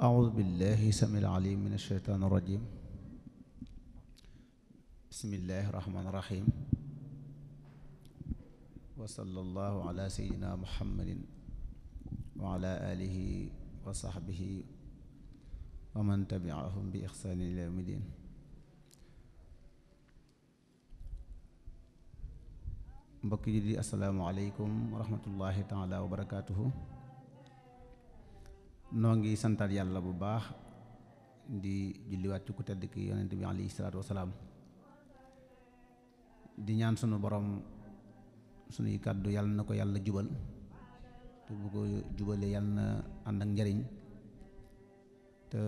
أعوذ بالله السميع العليم من الشيطان الرجيم بسم الله الرحمن الرحيم وصلى الله على سيدنا محمد وعلى آله وصحبه ومن تبعهم بإحسان إلى يوم الدين mbokk yi di asalaamaaleykum wa rahmatullahi taala wa barakaatuhu noo ngi santaat yàlla bu baax di julliwaat ci ku tedd ki yonent bi alayhi salaatu wasalaam di ñaan sunu boroom sunuy kàddu yàlla na ko yàlla jubal te bu ko jubalee yàlla na ànd ak njariñ te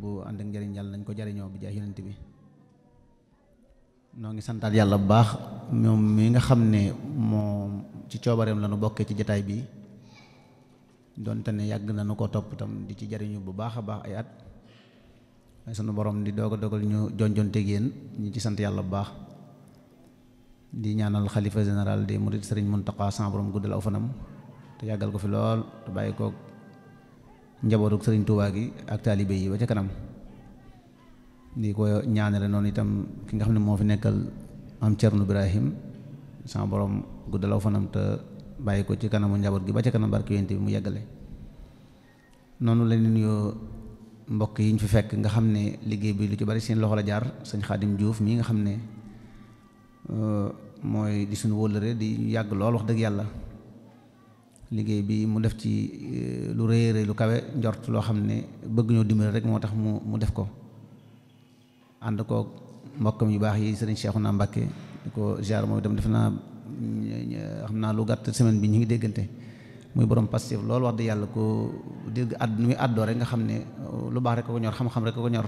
bu ànd ak njariñ yàlla nañ ko jariñoo bi jaay yonent bi noo ngi santaat yàlla bu baax moom mi nga xam ne moom ci coobareem la bokkee ci jataay bi donte ne yàgg na nu ko topp tam di ci jariñu bu baax a baax ay at ay sunu borom di doog a dogal ñu jonjonteeg génn ñu ci sant yàlla bu baax di ñaanal xalifa général des mourides sëriñ Mountakha sa borom guddal aw fanam te yàggal ko fi lool te bàyyi sëriñ Tuubaa gi ak taalibe yi kanam di ko ñaanale noonu itam ki nga xam ne moo fi nekkal am Cerno borom guddal aw fanam te bàyyi ko ci kanamu njaboot gi ba ca kanam barki yonent bi mu yeggale noonu la ñu nuyoo mbokk yi ñu fi fekk nga xam ne liggéey bi lu ci bari seen loxo la jaar sëñ Xaadim Diouf mii nga xam ne euh, mooy di suñu wóllëre di yàgg lool wax dëgg yàlla liggéey bi mu def ci euh, lu rëy rëy lu kawe njort loo xam ne bëgg ñoo dimbali rek moo tax mu mu def ko ànd koo mbokkam yu baax yi sëriñ Cheikhouna naa di ko ziar moom itam def naa xam naa lu gàtt semaine bi ñu ngi déggante muy borom passif loolu wax dëgg yàlla ko dégg àdd muy àddoo rek nga xam ne uh, lu baax rek ko ñor xam-xam rek ko ñor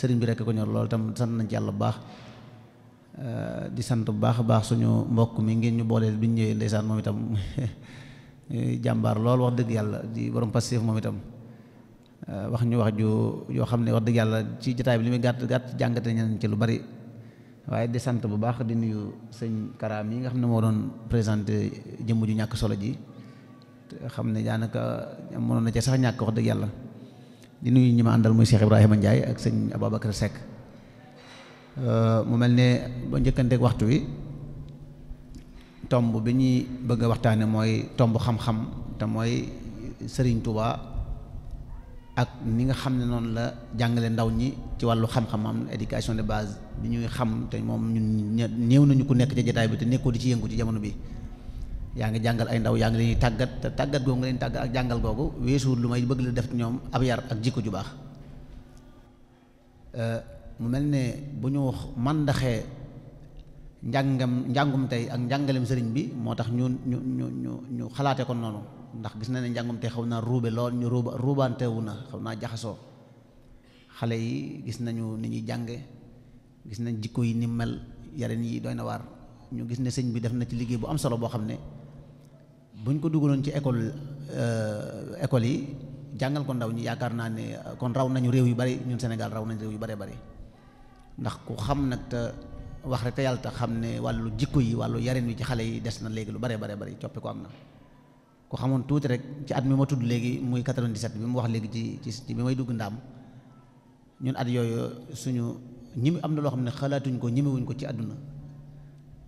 sëriñ bi rek ko ñor loolu tam sant nañ ci yàlla bu baax uh, di sant bu baax a baax suñu mbokk mi ngeen ñu booleel bi ñu ñëwee ndeysaan moom itam jàmbaar lool dëgg yàlla di borom passif moom itam uh, wax ñu wax ju yoo xam ne wax dëgg yàlla ci jotaay bi li muy gàtt gàtt jàngate ñeneen ci lu bari waaye di sant bu baax di nuyu sëñ Karaam yi nga xam ne moo doon présenté jëmm ju ñàkk solo ji. xam ne daanaka mënoon na ca sax ñàkk wax dëgg yàlla di nuyu ñi ma àndal muy Cheikh Ibrahima Ndiaye ak sëñ Ababacar Seck euh, mu mel ne ba njëkkanteeg waxtu wi tomb bi ñuy bëgg a waxtaane mooy tomb xam-xam te mooy sëriñ Touba ak ni nga xam ne noonu la jàngale ndaw ñi ci wàllu xam-xam am éducation de base bi ñuy xam te moom ñun néew nañu ku nekk ci jataay bi te nekkoo di ci yëngu ci jamono bi yaa ngi jàngal ay ndaw yaa ngi leen tàggat te tàggat googu nga leen tàggat ak jàngal googu weesuwul lu may bëgg la def ñoom ab yar ak jikko ju baax euh, mu mel ne bu ñu màndaxee njàngam njàngum tey ak njàngalem sëriñ bi moo tax ñu ñu ñu ñu ñu xalaate ko noonu ndax gis na ne njàngum tey xaw naa ruube lool ñu ruuba ruubantewu na xaw naa jaxasoo xale yi gis nañu ni ñuy jànge gis nañ jikko yi ni mel yaren yi doy na waar ñu gis ne sëñ bi def na ci liggéey bu am solo boo xam ne buñ ko dugg dugaloon ci école euh, école yi jàngal ko ndaw ñi yaakaar naa ne euh, kon raw nañu réew yu bari ñun Sénégal raw nañu réew yu bari bari ndax ku xam nag te wax rek te yàlla xam ne wàllu jikko yi wàllu yarin wi ci xale yi des na léegi lu bare bare bari coppi ko am na ku xamoon tuuti rek ci at mi ma tudd léegi muy 97 bi mu wax léegi ci ci bi may dugg ndaam ñun at yooyu suñu ñimi am na loo xam ne xalaatuñ ko ñimiwuñ ko ci àdduna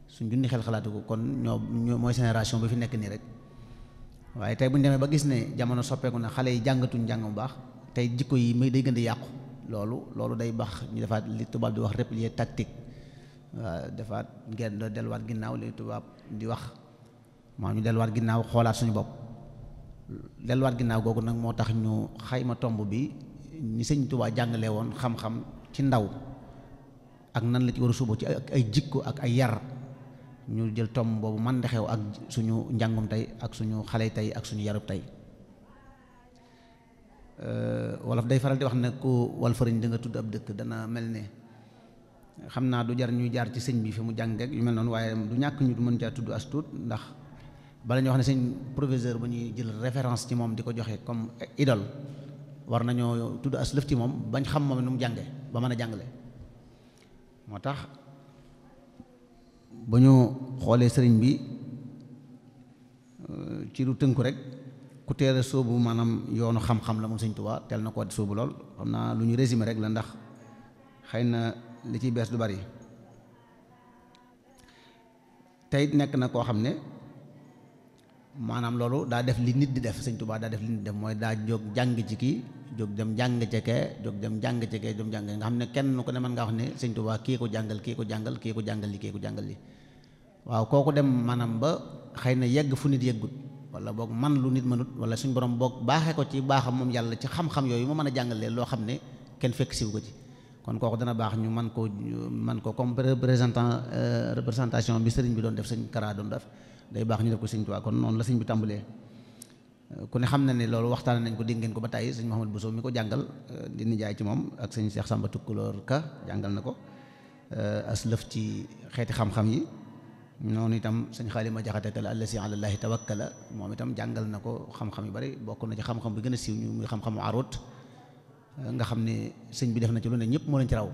suñ junni xel xalaatu ko kon ñoo mooy génération bi fi nekk nii rek waaye tey bu ñu demee ba gis ne jamono soppeeku na xale yi jàngatuñ jàng bu baax tey jikko yi muy day gën di yàqu loolu loolu day baax ñu defaat li tubaab di wax replier tactique waaw defaat ngeen doo delluwaat ginnaaw li tubaab di wax maa ñu delluwaat ginnaaw xoolaat suñu bopp delluwaat ginnaaw googu nag moo tax ñu xayma tomb bi ñu sëñ Tuubaa jàngale woon xam-xam ci ndaw ak nan la ci war a suba ci ay jikko ak ay yar ñu jël tom boobu man de xew ak suñu njàngum tey ak suñu xale yi tey ak suñu yarub tey euh, wolof day faral di wax ne ku wal fariñ da nga tudd ab dëkk dana mel ne xam naa du jar ñuy jaar ci sëñ bi fi mu jàngeek yu mel noonu waaye du ñàkk ñu du mën caa tudd as tuut ndax bala ñu wax ne sëñ proviseur ba ñuy jël référence ci moom di ko joxe comme idole war nañoo tudd as lëf ci moom bañ xam moom nu mu jànge ba mën a jàngale moo tax ba ñu xoolee sëriñ bi euh, ci lu tënku rek ku teel a sóobu maanaam yoonu xam-xam la moom sëñ Tuubaa teel na koo sóobu lool xam naa lu ñu résumé rek la ndax xëy na li ciy bees du bari tey nekk na koo xam ne maanaam loolu daa def li nit di def sëñ Tuubaa daa def li nit di def mooy daa jóg jàng ci kii jóg dem jàng ca kee jóg dem jàng ca kee jóg jàng nga xam ne kenn ku ne mën ngaa wax ne sëñ Tuubaa kii ko jàngal kii ko jàngal kii ko jàngal li kii ko jàngal li waaw kooku dem maanaam ba xëy na yegg fu nit yeggut wala boog man lu nit mënut wala suñ borom boog baaxee ko ci baaxam moom yàlla ci xam-xam yooyu mu mën a jàngalee loo xam ne kenn fekk siw ko ci kon kooku dana baax ñu man ko man ko comme représentant euh, représentation bi sëriñ bi doon def sëñ Kara doon def day baax ñu def ko sëñ Tuubaa kon noonu la sëñ bi tàmbalee ku ne xam na ne loolu waxtaan nañ ko dégg ko ba tàyyi sëñ Mouhamadou Bousso mi ko jàngal euh, di nijaay ci moom ak sëñ Cheikh Samba Tukulóor ka jàngal na ko euh, lëf ci xeeti xam-xam yi noonu itam sëñ Xaalima Jaxate Kala allasi alallaahi tawakkala moom itam jàngal na ko xam-xam yu bari bokk na ci xam-xam bi gën a siiw ñu muy xam-xamu arut euh, nga xam ne sëñ bi def na ci lu ne ñëpp moo leen ci raw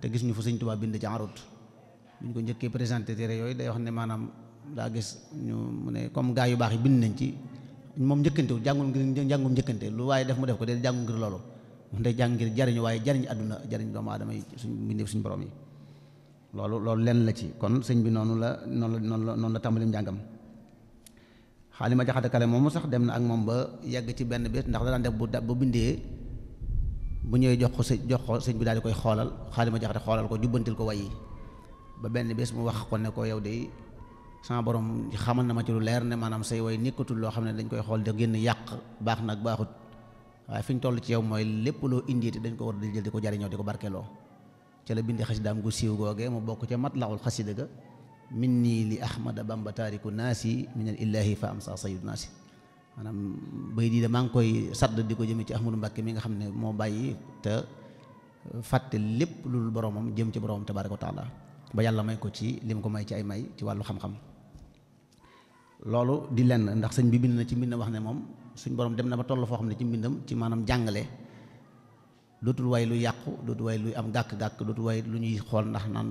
te gis ñu fa sëñ Tuubaa bind ci arut bu ko njëkkee présenté téere yooyu day wax ne maanaam daa gis comme gaa yu baax yi bind nañ ci moom njëkkantewul jàngul ngir jàngum njëkkante lu waaye def mu def ko dee jàngul ngir loolu day jàng ngir jariñu waaye jariñ àdduna jariñ doomu adama yi suñ mbindeef borom yi loolu loolu lenn la ci kon sëñ bi noonu la noonu la noonu la noonu la tàmbalim njàngam xaalima jaxate kale moomu sax dem na ak moom ba yegg ci benn bés ndax da daan bu da bu bindee bu ñëwee jox ko sëñ jox ko sëñ bi daal di koy xoolal xaalima jaxate xoolal ko jubbantil ko way yi ba benn bés mu wax ko ne koo yow de sama borom xamal na ma ci lu leer ne maanaam say way nekkatul loo xam ne dañ koy xool de génn yàq baax nag baaxut waaye fi ñu toll ci yow mooy lépp loo indiite dañ ko war di jël ko jariñoo di ko barkeloo ca la bindi xasidaam gu siiw googee mu bokk ca matlaxul xasida ga min nii li ahmada bamba taariku naasi min al illahi fa am sa sayid naasi maanaam bay dii de maa ngi koy sadd di ko jëme ci ahmadou mbàkke mi nga xam ne moo bàyyi te fàtte lépp lu dul boromam jëm ci boromam tabaaraka wa taala ba yàlla may ko ci lim ko may ci ay may ci wàllu xam loolu di lenn ndax sëñ bi bind na ci mbindam wax ne moom suñ borom dem na ba toll foo xam ne ci mbindam ci maanaam jàngale dootul waay lu yàqu dootul waay luy am gàkk-gàkk dootul way lu ñuy xool ndax naan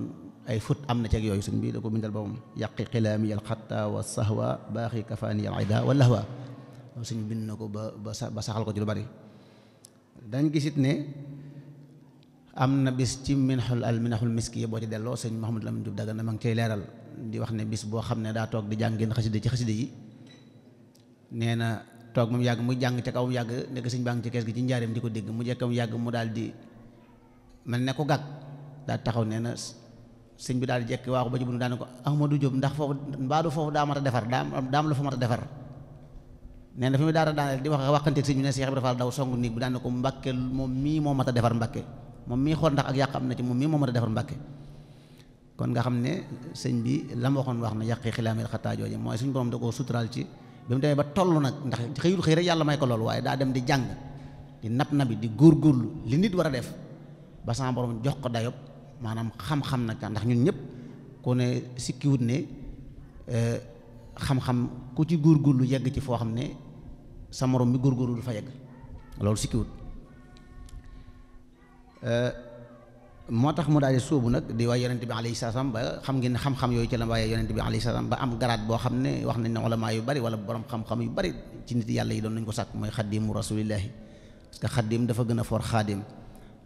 ay fut am na ceeg yooyu suñ bi da ko bindal boppam yàqi xilaami al xatta wa sahwa baaxi kafaani al ida wa lahwa suñ bind na ko ba ba saxal ko ci lu bari dañ gisit ne am na bis ci minxul al minxul miski yi boo ci delloo sëñ Mouhamadou Lamine Diop Dagana ma ngi cay leeral di wax ne bis boo xam ne daa toog di jàngeen xasida ci xasida yi na toog moom yàgg muy jàng ca kaw mu yàgg nekk sëñ baa kees gi ci njaareem di ko dégg mu jekk mu yàgg mu daal di mel ne ko gàgg daal taxaw nee na sëñ bi daal di jekk ba ci bunu daane ko Ahmadou Diop ndax foofu mbaadu foofu daa mat a defar daa daam la fa a defar nee na fi mu di wax waxanteeg sëñ bi ne Cheikh Ibrahima daw song néeg bi daane ko Mbàkke moom mii moo mat a defar Mbàkke moom mii xool ndax ak yàq am na ci moom mii moom mën a defar mbàkke kon nga xam ne sëñ bi la ma wax na yàqi xilaamil xataa jooje mooy suñu borom da koo suturaal ci bi mu demee ba toll nag ndax xëyul xëy rek yàlla may ko loolu waaye daa dem di jàng di nap nabi di góor góorlu li nit war a def ba sama borom jox ko dayob maanaam xam-xam nag ndax ñun ñëpp ku ne sikkiwut ne e, xam-xam ku ci góor góorgóorlu yegg ci foo xam ne sa moroom bi góorgóorlu du fa yegg loolu sikkiwut Euh, moo tax mu daal di sóobu nag di waay yonent bi alayhi salaam ba xam ngeen ne xam-xam yooyu ci la waaye yonent bi alayhi salaam ba am garaat boo xam ne wax nañ ne ulama yu bari wala borom xam-xam yu bari ci nit yàlla yi doon nañ ko sàkk mooy xaddimu rasulillahi parce que xaddim dafa gën a for xaadim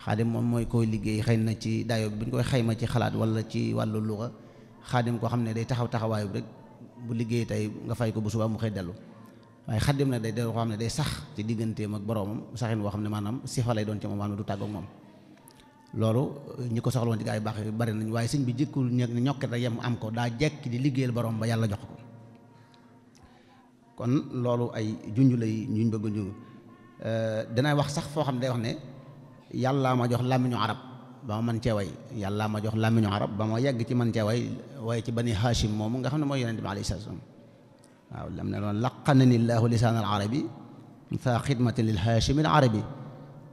xaadim moom mooy koy liggéey xëy na ci daayoo bi bu ñu koy xayma ci xalaat wala ci wàllu luga xaadim koo xam ne day taxaw taxawaayu rek bu liggéey tey nga fay ko bu subaa mu xëy dellu waaye xaddim nag day dellu koo xam ne day sax ci digganteem ak boroomam saxin boo xam ne maanaam sifa lay doon du tàggoog moom loolu ñi ko soxla woon ci gaa yu baax bari nañ waaye sëñ bi jëkkul ñokket rek yem am ko daa jekki di liggéeyal borom ba yàlla jox ko kon loolu ay junj lay ñuñ bëgg junj euh, dinaay wax sax foo xam ne day wax ne yàllaa ma jox làmmiñu arab ba ma mën cee way yàllaa ma jox làmmiñu arab ba ma yegg ci man cee way waaye ci bani hashim moomu nga xam ne mooy yonente bi alayhi salaam waaw lam ne loon laqanani llahu lisaan al fa xidmatin lil hashimi al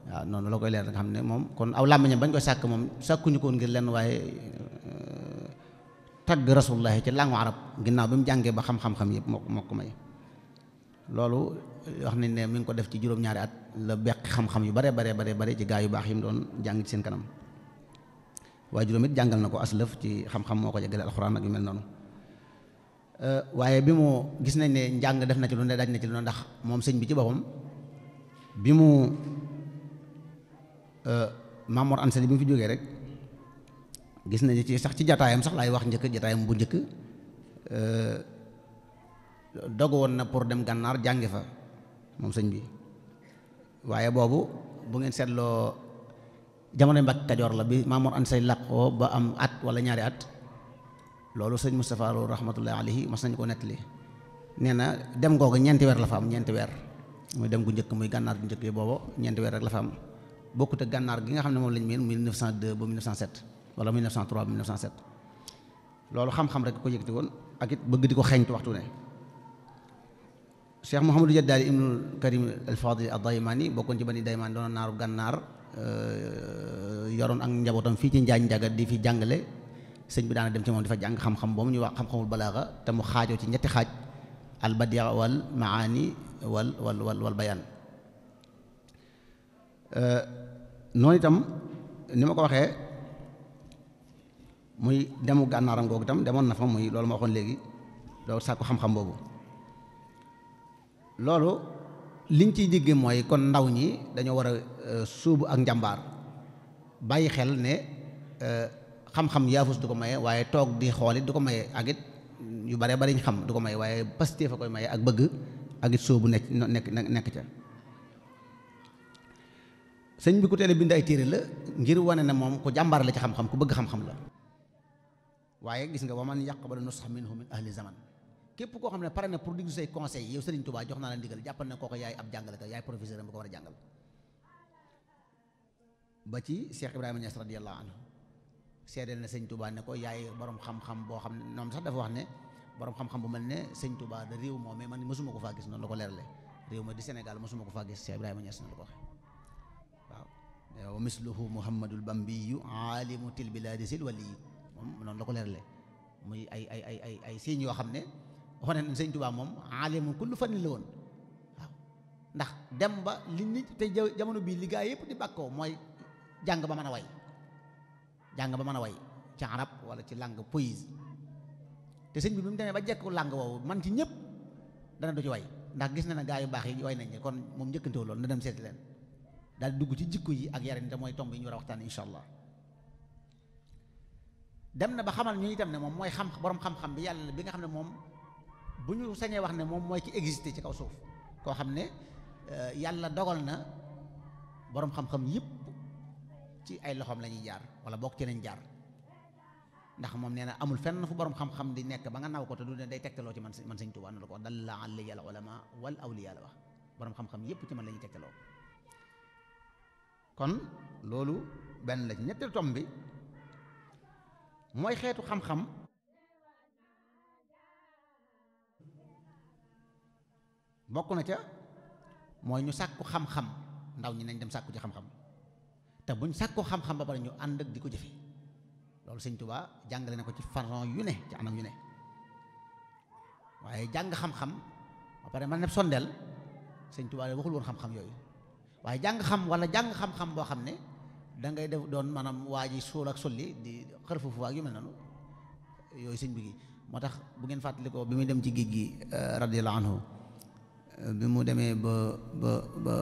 waaw noonu la koy leer nga xam ne moom kon aw làmmiñam bañ koy sàkk moom sàkkuñu ko woon ngir lenn waaye euh, tagg rasulullahi ci langu arab ginnaaw bi mu jàngee ba xam-xam-xam yëpp moo moo ko may loolu nañ ne mi ngi ko def ci juróom-ñaari at la beq xam yu bare bare bare bare ci gaa yu baax yi mu doon jàng ci seen kanam waaye juróom it jàngal na ko aslëf ci xam-xam moo ko jàggale alxuraan ak yu mel noonu euh, waaye bi mu gis nañ ne njàng def na ci lu ne daj na ci lu ndax moom sëñ bi ci boppam bi mu Euh, Mamour Ansali bi mu fi jógee rek gis nañu ci sax ci jataayam sax laay wax njëkk jataayam bu njëkk euh, dog woon na pour dem gànnaar jàngi fa moom sëñ bi waaye boobu bu ngeen seetloo jamono Mbàkke Kajoor la bi Mamour Ansali làqoo ba am at wala ñaari at loolu sëñ Moustapha Lo rahmatullahi alayhi mas nañu ko nettali nee na dem googu ñeenti weer la fa am ñeenti weer muy dem ku njëkk muy gànnaar bu njëkk yi boobu ñeenti weer rek la fa am bokkut ak gànnaar gi nga xam ne moom lañ meen 1902 ba 1907 wala 1903 ba 1907 loolu xam-xam rek ko yëkkati woon ak it bëgg di ko xeeñtu waxtu ne Cheikh Mouhamadou Jaddaali ibnul Karim al Fadil ad Daymaani bokkoon ci bani Daymaan doon naaru gànnaar euh, yoroon ak njabootam fii ci Njaañ Njaga di fi jàngale sëñ bi daana dem ci moom dafa jàng xam-xam boobu ñu wax xam-xamul balaaxa te mu xaajoo ci ñetti xaaj al badia wal maani wal noonu itam ni ma ko waxee muy demu gànnaaram googu itam demoon na fa muy loolu ma waxoon léegi loolu sàkku xam-xam boobu loolu liñ ciy jiggee mooy kon ndaw ñi dañoo war a euh, suubu ak njàmbaar bàyyi xel ne euh, xam-xam yaafus du ko maye waaye toog di xool du ko maye ak it yu bare bari ñu xam du ko maye waaye pasté fa koy maye ak bëgg ak it sóobu nekk nekk nekk ca sëñ bi ku teel a bind ay téere la ngir wane na moom ku jàmbaar la ci xam-xam ku bëgg xam-xam la waaye gis nga wa man yaqbalu nusxa minhu min ahli zaman képp koo xam ne pare na pour diglu say conseil yow Serigne Touba jox naa la ndigal jàppal ne kooku yaay ab jàngalekat yaay professeur am bu ko war a jàngal ba ci Cheikh Ibrahima Niass radiyallahu anhu seedeel na sëñ Touba ne ko yaay borom xam-xam boo xam ne noonu sax dafa wax ne borom xam-xam bu ne sëñ Touba da réew moom mais man ko faa gis noonu la ko leerale réew ma ko faa gis Cheikh Ibrahima Niass noonu ko waxee wa misluhu muhammadul bambiyu aalimu til bilaadi sil waliyu moom noonu la ko leerale muy ay ay ay ay ay signes yoo xam ne wane na sëñ Tuubaa moom aalimu kullu fanni la woon waaw ndax dem ba li nit te jamono bii li gaa yëpp di bàkkoo mooy jàng ba man a way jàng ba man a way ci arab wala ci langue poésie te sëñ bi bi mu demee ba jekku langue woowu man ci ñëpp dana du ci way ndax gis na ne gaa yu baax yi way nañ kon moom njëkkantewul loolu na dem seeti leen daal di dugg ci jikko yi ak yarin te mooy tomb yi ñu war a waxtaan incha allah dem na ba xamal ñu itam ne moom mooy xam borom xam-xam bi yàlla bi nga xam ne moom bu ñu sañee wax ne moom mooy ki existé ci kaw suuf koo xam ne euh, yàlla dogal na borom xam-xam yëpp ci ay loxoom la ñuy jaar wala bokk ci nañ jaar ndax moom nee na amul fenn fu borom xam-xam di nekk ba nga naw ko te du ne day tegtaloo ci man man Sëñ Tuubaa na la ko dalla ala ulama wal awliya la wax borom xam-xam yëpp ci man la ñuy tegtaloo kon loolu benn la ci ñetteelu tom bi mooy xeetu xam-xam bokk na ca mooy ñu sàkku xam-xam ndaw ñi nañ dem sàkku ci xam-xam te buñ sàkku xam-xam ba pare ñu ànd ak di ko jëfe loolu sëñ Tuubaa jàngale na ko ci façon yu ne ci anam yu ne waaye jàng xam-xam ba pare ma ne sondeel sëñ Tuubaa waxul woon xam-xam yooyu waaye jàng xam wala jàng xam-xam boo xam ne da ngay def doon maanaam waa ji suul ak sulli di xër fu ak yu mel noonu yooyu sëñ bi moo tax bu ngeen fàttalikoo bi muy dem ci géej gi euh, radiyallahu anhu euh, bi mu demee ba ba ba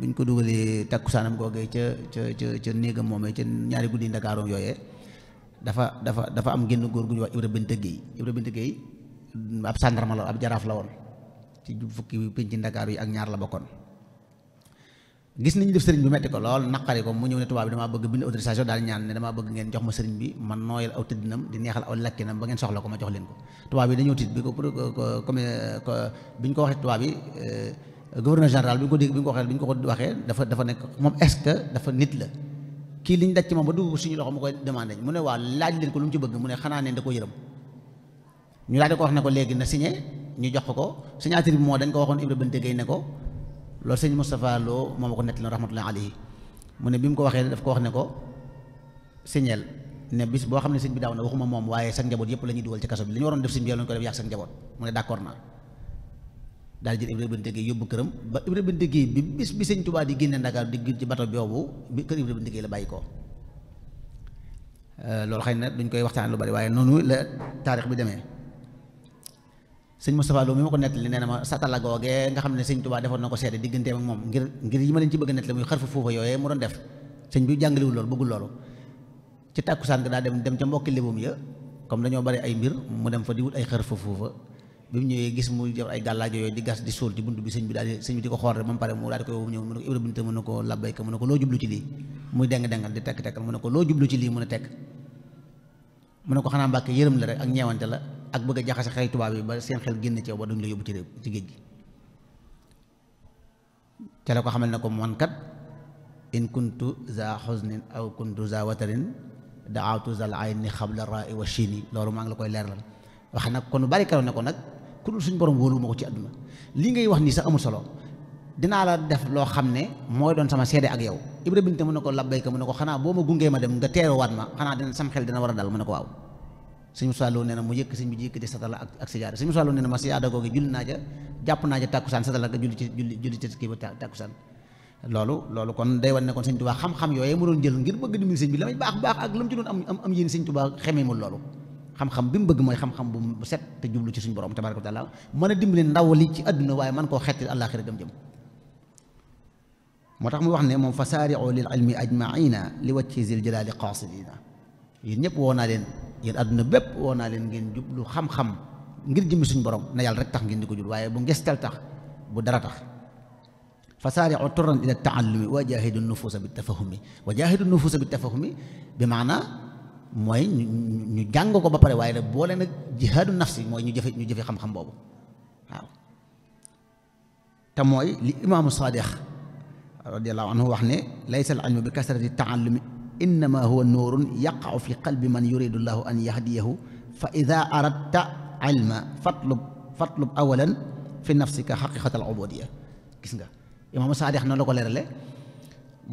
buñ ko dugalee takkusaanam koo ca ca ca ca néegam moomee ca ñaari guddi ndakaaroom yooyee dafa dafa dafa am génn góor gu ñuy wax Ibra Binte Gueye Ibra Binte Gueye ab sàndarma la ab jaraaf la woon ci fukki pénc ndakaar yi ak ñaar la bokkoon gis nañu def sëriñ bi metti ko lool naqari ko mu ñëw ne tubaab bi damaa bëgg bind autorisation daal ñaan ne damaa bëgg ngeen jox ma sëriñ bi man nooyal aw tëddinam di neexal aw lakkinam ba ngeen soxla ko ma jox leen ko tubaab bi waxee tubaab bi euh, gouverneur ko dégg bi ñu ko waxee bi ñu ko waxee dafa nekk moom est-ce que dafa nit la kii liñ daj ci moom ba dugg suñu loxo mu koy demandé mu ne waa laaj leen ko lu mu ci bëgg mu ne xanaa neen da ko yërëm ñu laaj ko wax ne ko léegi na signé ñu jox ko ko signature bi moo dañ ko waxoon Ibrahima ne ko loolu sëñ Moustapha Lo moom ko nettali rahmatullahi alayhi mu ne bi mu ko waxee daf ko wax ne ko signeel ne bis boo xam ne sëñ bi daaw na waxuma moom waaye sa njaboot yëpp la ñuy dugal ci kaso bi li ñu waroon def sëñ bi yàlla ñu ko def yàq sa njaboot mu ne d'accord naa daal jël Ibrahima Bente yóbbu këram ba Ibrahima Bente Gueye bis bi sëñ Touba di génne Ndakaar di ci bato boobu bi kër Ibrahima Bente Gueye la bàyyi ko euh, loolu xëy na duñ koy waxtaan lu bari waaye noonu la taarix bi demee sëñ Moustapha Lo mi ma ko nettali nee na ma satala googee nga xam ne sëñ Tuubaa defoon na ko seede digganteem ak moom ngir ngir yi ma leen ci bëgg a nettali muy xarfa foofa yooyee mu doon def sëñ bi jàngaliwul loolu bëggul loolu ci tàkkusaan ga daa dem dem ca mbokki libum ya comme dañoo bari ay mbir mu dem fa di wut ay xarfa foofa bi mu ñëwee gis mu jël ay gàllaaj yooyu di gas di suul ci bunt bi sëñ bi daal di sëñ bi di ko xool rek ba mu pare mu di koy woo ñëw mu ne ko Ibra Binta mu ne ko mu ne ko loo jublu ci lii muy deng la ak bëgg a jaxase xel tubaab yi ba seen xel génn ci yow ba duñ la yóbbu ci réew ci géej gi te la ko xamal ne ko man kat in kuntu za xusnin aw kuntu la ay daawtu zal ayni xabla raai wa chini loolu maa ngi la koy leeralal wax nag kon bari keroog ne ko nag ku dul suñ borom wóolu ma ko ci àdduna li ngay wax nii sax amul solo dinaa la def loo xam ne mooy doon sama seede ak yow Ibrahima binte mu ne ko labbayka mu ne ko xanaa boo ma gungee ma dem nga ma xanaa dina sam xel war dal mu ne ko waaw suñu sàlloo nee na mu yëkk sëñ bi yëkkati satala ak ak sijaada ma loolu loolu kon day wan ne kon sëñ tubaa xam mu loolu xam-xam bi mu bëgg mooy xam-xam bu set te jublu ci suñu borom tabaaraka wa taala mën a dimbali ndaw li ci àdduna waaye man koo xetti àllaaxira gëm jëm moo tax mu wax ne moom fa saari'u lil ilmi li wàcci zil jalaali qaasidina yéen ñëpp woo leen yéen àdduna bépp woo naa leen ngeen jublu xam-xam ngir jëmmi suñu borom na yàlla rek tax ngeen di ko jur waaye bu ngestal tax bu dara tax fa saariu turran ila taallumi wa jaahidu nufuusa bi tafahumi wa jaahidu nufuusa bi tafahumi bi maana mooy ñu jàng ko ba pare waaye nag boole nag jihaadu nafsi mooy ñu jëfe ñu jëfe xam-xam boobu te mooy li imaamu saadix radiallahu anhu wax ne laysa al ilmu bi kasrati taallumi innama huwa nuurun yaqa'u fi qalbi man yuridu llahu an yahdiyahu fa ida aradta ilma fatlub fatlub awalan fi nafsika xaqiqat al ubudiya gis nga imaam Saadix noonu la ko leerale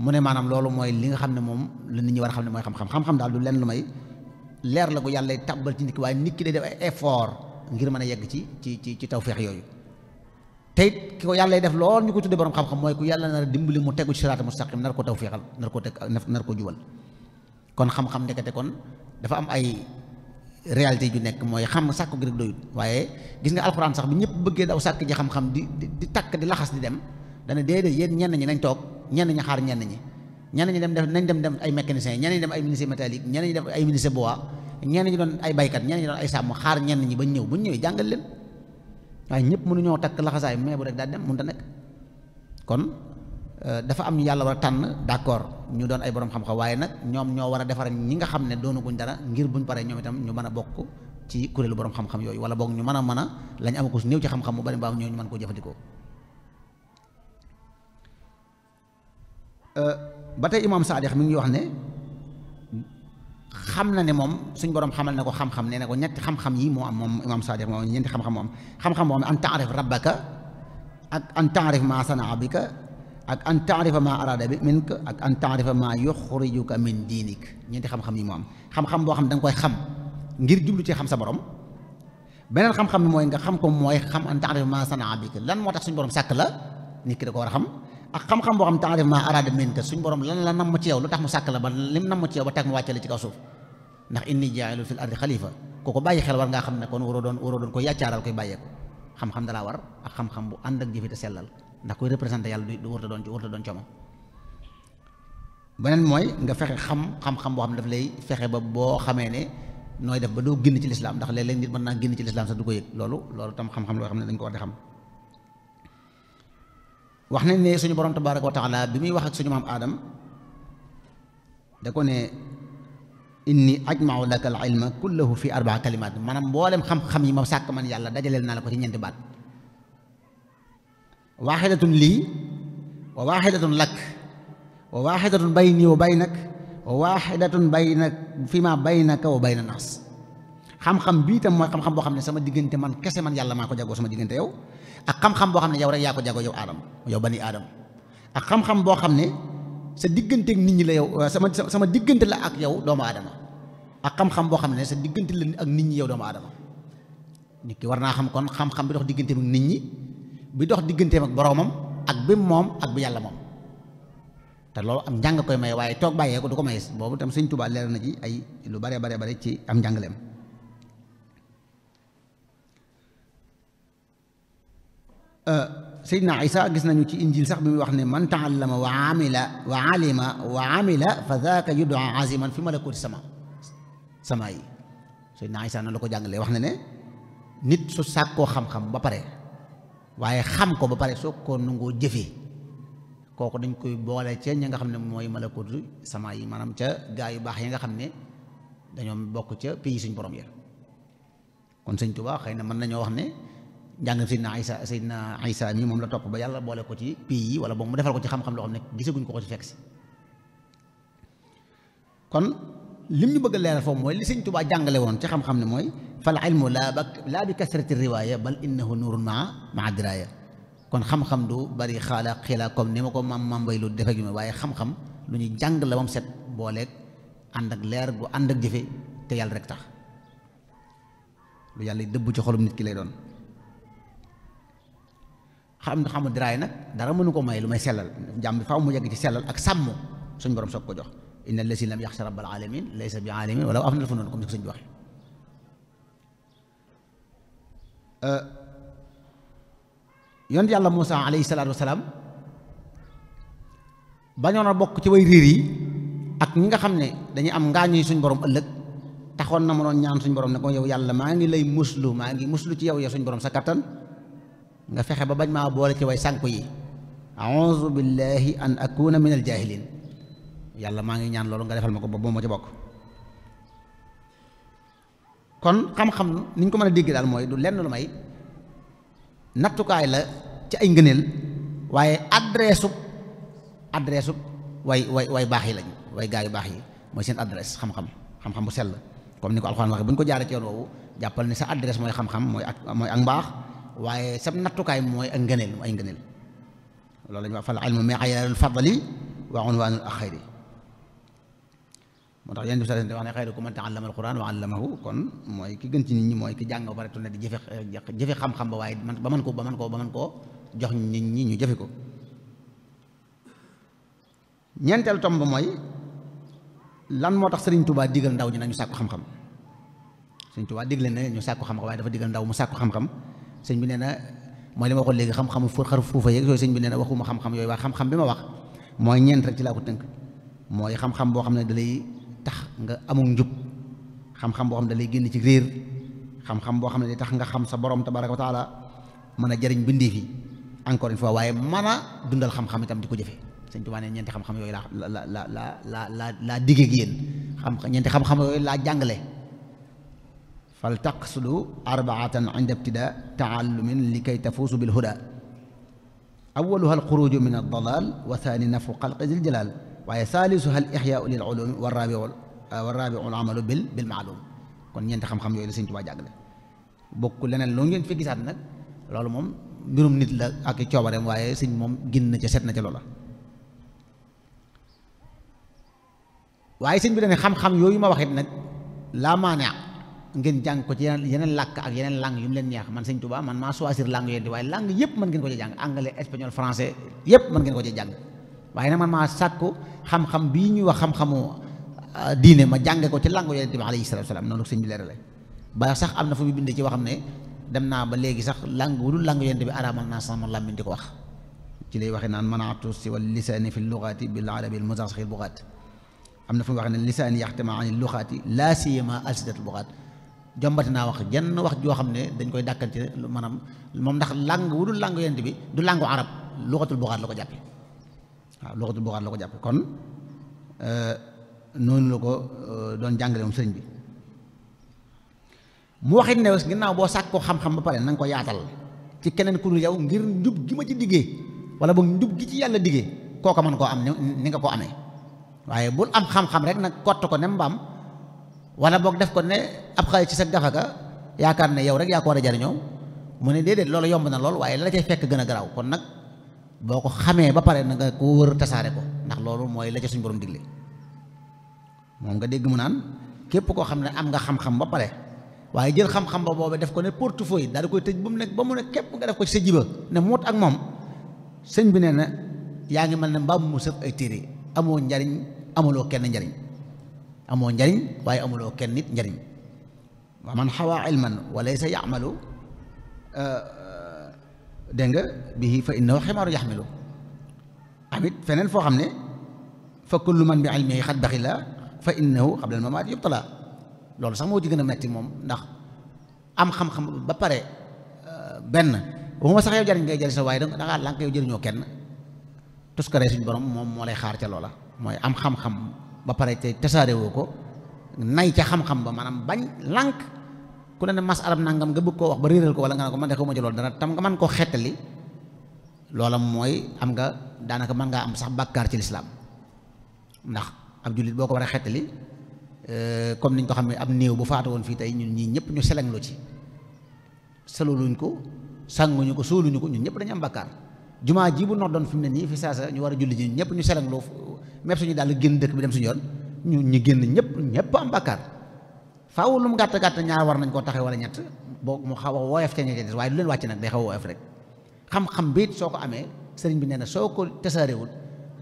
mu ne maanaam loolu mooy li nga xam ne moom la nit ñi war a xam ne mooy xam-xam xam-xam daal lu lenn lu may leer la ko yàlla tàbbal ci nit waaye nit ki day def ay effort ngir mën a yegg ci ci ci ci tawféex yooyu tey it ki ko yàlla def lool ñu ko tuddee borom xam-xam mooy ku yàlla na a dimbali mu tegu ci siraata mustaqim nar ko tawfiixal nar ko teg nar ko jubal kon xam-xam ndekete kon dafa am ay réalité ju nekk mooy xam sàkku gi rek doyut waaye gis nga alxuraan sax bi ñëpp bëggee daw sàkk ji xam-xam di di takk di laxas di dem dana déedéet yéen ñenn ñi nañ toog ñenn ñi xaar ñenn ñi ñenn ñi dem def nañ dem dem ay mécanicien ñenn ñi dem ay menuisier métallique ñenn ay menuisier bois ñenn ñi doon ay baykat ñenn ñi doon ay sàmm xaar ñenn ñi bañ ñëw buñ ñëwee jàngal leen waaye ñëpp ñoo takk laxasaay mais bu rek daal dem mënut a nekk kon euh, dafa am ñu yàlla war a tànn d'accord ñu doon ay borom xam-xam waaye nag ñoom ñoo war a defar ñi nga xam ne doonaguñ dara ngir buñ paree ñoom itam ñu mën a bokk ci kuréelu borom xam-xam yooyu wala boog ñu mën a mën a lañ am ko su néew ci xam-xam mu bari ba am ñoo ñu mën koo jëfandikoo. Euh, ba tey imaam Saadix mi ngi wax ne. xam na ne moom suñ borom xamal na ko xam-xam nee na ko ñetti xam-xam yi moo am moom imaam Saadiq moom ñeenti xam-xam xam-xam moo am an taarif rabbaka ak an taarif ma sanaa bika ak an taarifa ma bi minka ak an taarifa ma yuxrijuka min diinik ñeenti xam-xam yi moo xam-xam boo xam da nga koy xam ngir jublu ci xam sa borom beneen xam-xam bi mooy nga xam ko mooy xam an taarifa ma sanaa lan moo tax suñ borom sàkk la nit ki da ko war a xam ak xam-xam boo xam taarif ma araada minka suñ borom lan la nam ci yow lu tax mu sàkk la ba lim nam ci yow ba tax mu wàccale ci kaw suuf ndax inni jaa'ilu fil ardi xalifa kooku bàyyi xel war ngaa xam ne kon waroo doon waroo doon koy yàccaaral koy bàyyeeko xam-xam dalaa war ak xam-xam bu ànd ak jëfite sellal ndax koy représenté yàlla du warta doon warta doon coono beneen mooy nga fexe xam xam-xam boo xam ne daf lay fexe ba boo xamee ne nooy def ba doo génn ci lislaam ndax léeg-léeg xam-xam xam ne dañ ko war di wax nañ ne suñu borom tabaaraka wa taala bi muy wax ak suñu maam aadam da ko ne inni ajmau laka al ilma kullahu fi arbaa kalimaat maanaam mboolem xam-xam yi ma sàkk man yàlla dajaleel naa la ko ci ñeenti baat waaxidatun lii wa waaxidatun lak wa waaxidatun bayni wa baynak wa waaxidatun baynak fi ma baynaka wa bayna naas xam-xam bii tam mooy xam-xam boo xam ne sama diggante man kese man yàlla maa ko jagoo sama diggante yow ak xam-xam boo xam ne yow rek yaa ko jagoo yow aadama yow bani aadama ak xam boo xam ne sa diggante ak nit ñi la euh, sama sama diggante la ak yow doomu aadama ak xam boo xam ne sa diggante la ak nit ñi yow doomu aadama nit ki war naa xam kon xam-xam bi dox digganteem ak nit ñi bi dox digganteem ak boroomam ak bi moom ak bi yàlla moom te loolu am njàng koy may waaye toog bàyyee ko du ko may boobu tam sëñ Tuubaa leer na ci ay lu bare bare bare ci am njàngaleem Seydina Isa gis nañu ci injil sax bi muy wax ne man taallama wa amila wa alima wa amila fa zaaka yudaa aziman fi malakuti sama sama yi na Isa na la ko jàngalee wax na ne nit su sàkkoo xam-xam ba pare waaye xam ko ba pare soo ko nangoo jëfee kooku dañ koy boole ca ña nga xam ne mooy malakutu sama yi maanaam ca gaa yu baax yi nga xam ne dañoo bokk ca pays suñ boroom ya kon sëñ Tuubaa xëy mën nañoo wax ne njàngam Seydina Isa Seydina Isa mi moom la topp ba yàlla boole ko ci pays yi wala boog mu defal ko ci xam-xam kon lim ñu bëgg a leeral mooy li sëñ Tuubaa jàngale woon ci xam-xam ne mooy fal ilmu laa ba laa bi kasrati riwaaya bal innahu nuurun maa maa diraaya kon xam du bari xaala xila comme ni ma ko mam mam bay lu def ak lu ñuy jàng la moom set booleeg ànd ak leer gu ànd ak jëfe te yàlla rek tax lu yàlla dëbb ci xolum nit ki lay doon xam xamul diraay nag dara mënu ko may lu may sellal jàmm bi faaw mu yegg ci sellal ak sàmm suñ borom soog ko jox inna allasi lam yaxsha rabbal alamin laysa bi alamin wala af na la noonu comme suñ bi euh, yàlla Muusa alayhi salaatu wasalaam bokk ci way ñi nga xam ne dañuy am ngaañu suñ borom ëllëg taxoon na mënoon ñaan suñ borom ne ko yow yàlla maa ngi lay muslu maa ngi muslu ci yow ya suñ borom sa kattan nga fexe ba bañ maa boole ci way sànku yi auzu billahi an akuna min al jahilin yàlla maa ngi ñaan loolu nga defal ma ko ba boo ma ci bokk xam-xam ñu ko mën a dégg mooy du lenn lu may nattukaay la ci ay ngëneel waaye adresse ub adresse ub way way way baax yi lañ way gaa yu baax yi mooy seen adresse xam-xam xam-xam bu sell comme ni ko alxuraan waxe ko jaaree ci yoon woowu jàppal ni sa adresse mooy xam-xam ak mooy ak mbaax waaye sam nattukaay mooy ak ngëneel ay ngëneel loolu lañu ñuy wax fal ilmu mi'yaarul fadli wa unwaanul xayri tax yéen bi sallallahu wa sallam wax ne xayrukum man ta'allama al-Qur'aan wa 'allamahu kon mooy ki gën ci nit ñi mooy ki jàng ba pare di jëfe jëfe xam-xam ba waaye man ba ko ba koo ba mën koo jox nit ñi ñu jëfe ko ñeenteelu tomb mooy lan moo tax Sëriñ tubaa diggal ndaw ñi nañu sàkku xam-xam Sëriñ Tuubaa digle ne ñu sàkku xam-xam waaye dafa digal ndaw mu sàkku xam-xam sëñ bi nee na mooy li ma waxoon léegi xam-xamu fu xar fuufa yeeg yooyu sëñ bi nee na waxuma xam-xam yooyu waaye xam-xam bi ma wax mooy ñeent rek ci laa ko tënk mooy xam-xam boo xam ne dalay tax nga amum njub xam-xam boo xam ne dalay génn ci réer xam-xam boo xam ne day tax nga xam sa borom tabaraka wa taala mën a jariñ bindee fi encore une fois waaye mën a dundal xam-xam itam di ko jëfe sëñ Tuubaa ne ñeenti xam-xam yooyu laa la la la la la laa diggee ak yéen xam ñeenti xam-xam yooyu laa jàngale fal taqsudu arbaatan inda ibtida taallumin li kay tafuusu bil huda awaluha alxuruju min aldalal wa thani nafu xalqi zil jalal waaye saalisuha al ixyaau lil ulumi wa rabiu wa rabiu amalu bil bil maalum kon ñeenti xam-xam yooyu la Sëñ Tuubaa jàngale bokk leneen loo ngeen fi gisaat nag loolu moom mbirum nit la ak coobareem waaye sëñ moom génn na ca set na ca loola waaye sëñ bi dañ xam-xam yooyu ma waxit nag laa maanaa ngeen jàng ko ci yeneen yeneen ak yeneen langue yu mu leen neex man sëñ Touba man maa choisir langue yooyu waaye langue yëpp mën ngeen ko ci jàng anglais espagnol français yëpp mën ngeen ko ci jàng waaye nag man maa sàkku xam-xam bii ñuy wax xam-xamu euh, diine ma jànge ko ci langue yonent bi ba sax na fu mu bind ci waxam ne dem naa ba léegi sax langue wudul langue yonent bi araamal naa sama làmmiñ di ko wax ci lay waxee naan manaatu si wal lisaani fi lugaati bil arabi al musaxi am na fu mu wax ne lisaani yaxtama an lugaati laa jombati naa wax jenn wax joo xam ne dañ koy dàkkante lu maanaam moom ndax làng wu dul làngu yent bi du làngu arab luxatul buxaar la ko jàppe waaw luxatul buxaar la ko jàppe kon euh, noonu la ko euh, doon jàngale moom sëriñ bi mu waxit ne ginnaaw boo sàkk ko xam-xam ba pare na ko yaatal ci keneen ku dul yow ngir njub gi ma ci diggee wala boog njub gi ci yàlla diggee kooka mën koo am ni nga ko amee waaye bul am xam-xam rek nag kott ko ne mbaam wala boog def ko ne ab xaalis ci sa gafaka yaakaar ne yow rek yaa ko war a jariñoo mu ne déedéet loolu yomb na lool waaye la la fekk gën a garaaw kon nag boo ko xamee ba pare na nga ko wër tasaare ko ndax loolu mooy la ca suñ borom digle moom nga dégg mu naan képp koo xam ne am nga xam-xam ba pare waaye jël xam-xam ba boobee def ko ne portefeuille daal koy tëj ba mu nekk ba mu ne képp nga def ko ci sa jiba ne muut ak moom sëñ bi nee na yaa ngi mel ne mbaam mu sëf ay téere amoo njariñ amuloo kenn njariñ amoo njariñ waaye amuloo kenn nit njariñ wa man xawaa ilman wa laysa yamalu euh, euh, dégg nga bihi fa innahu ximaaru yaxmilu amit feneen foo xam ne fa kullu man bi ilmihi xat baxila fa innahu qabla al mamaati yubtala loolu sax moo ci na metti moom ndax am xam-xam ba pare euh, benn waxuma sax yow jariñ ngay jariñ sa waaye da ngaa lànk yow jëriñoo kenn tuskaree suñu borom moom moo lay xaar ca loola mooy am xam-xam ba pare te tasaare woo ko nay ca xam-xam ba maanaam bañ lànk ku ne ne mas arab nangam nga bëgg koo wax ba réeral ko wala nga ne ko man de xaw ma ci loolu dara tam nga mën koo xettali loola mooy am nga daanaka mën ngaa am sax bàkkaar ci lislaam ndax ab jullit boo ko war a xettali euh, comme niñ ko xam ne néew bu faatu woon fii tey ñun ñii ñëpp ñu selenglu ci seloluñ ko sànguñu ko suuluñu ko ñun ñëpp dañu am bàkkaar jumaa ji bu doon fi mu ne nii fi saasa ñu war a julli ji ñëpp ñu selenglu mépp suñu daal génn dëkk bi dem suñu yoon ñu ñu génn ñëpp ñëpp am bàkkaar faaw lu mu gàtt gàtt ñaar war nañ koo taxee wala ñett boo mu xaw a woyof ca ñetti waaye lu leen wàcc nag day xaw a woyof rek xam-xam bi it soo ko amee sëriñ bi nee na soo ko tasaarewul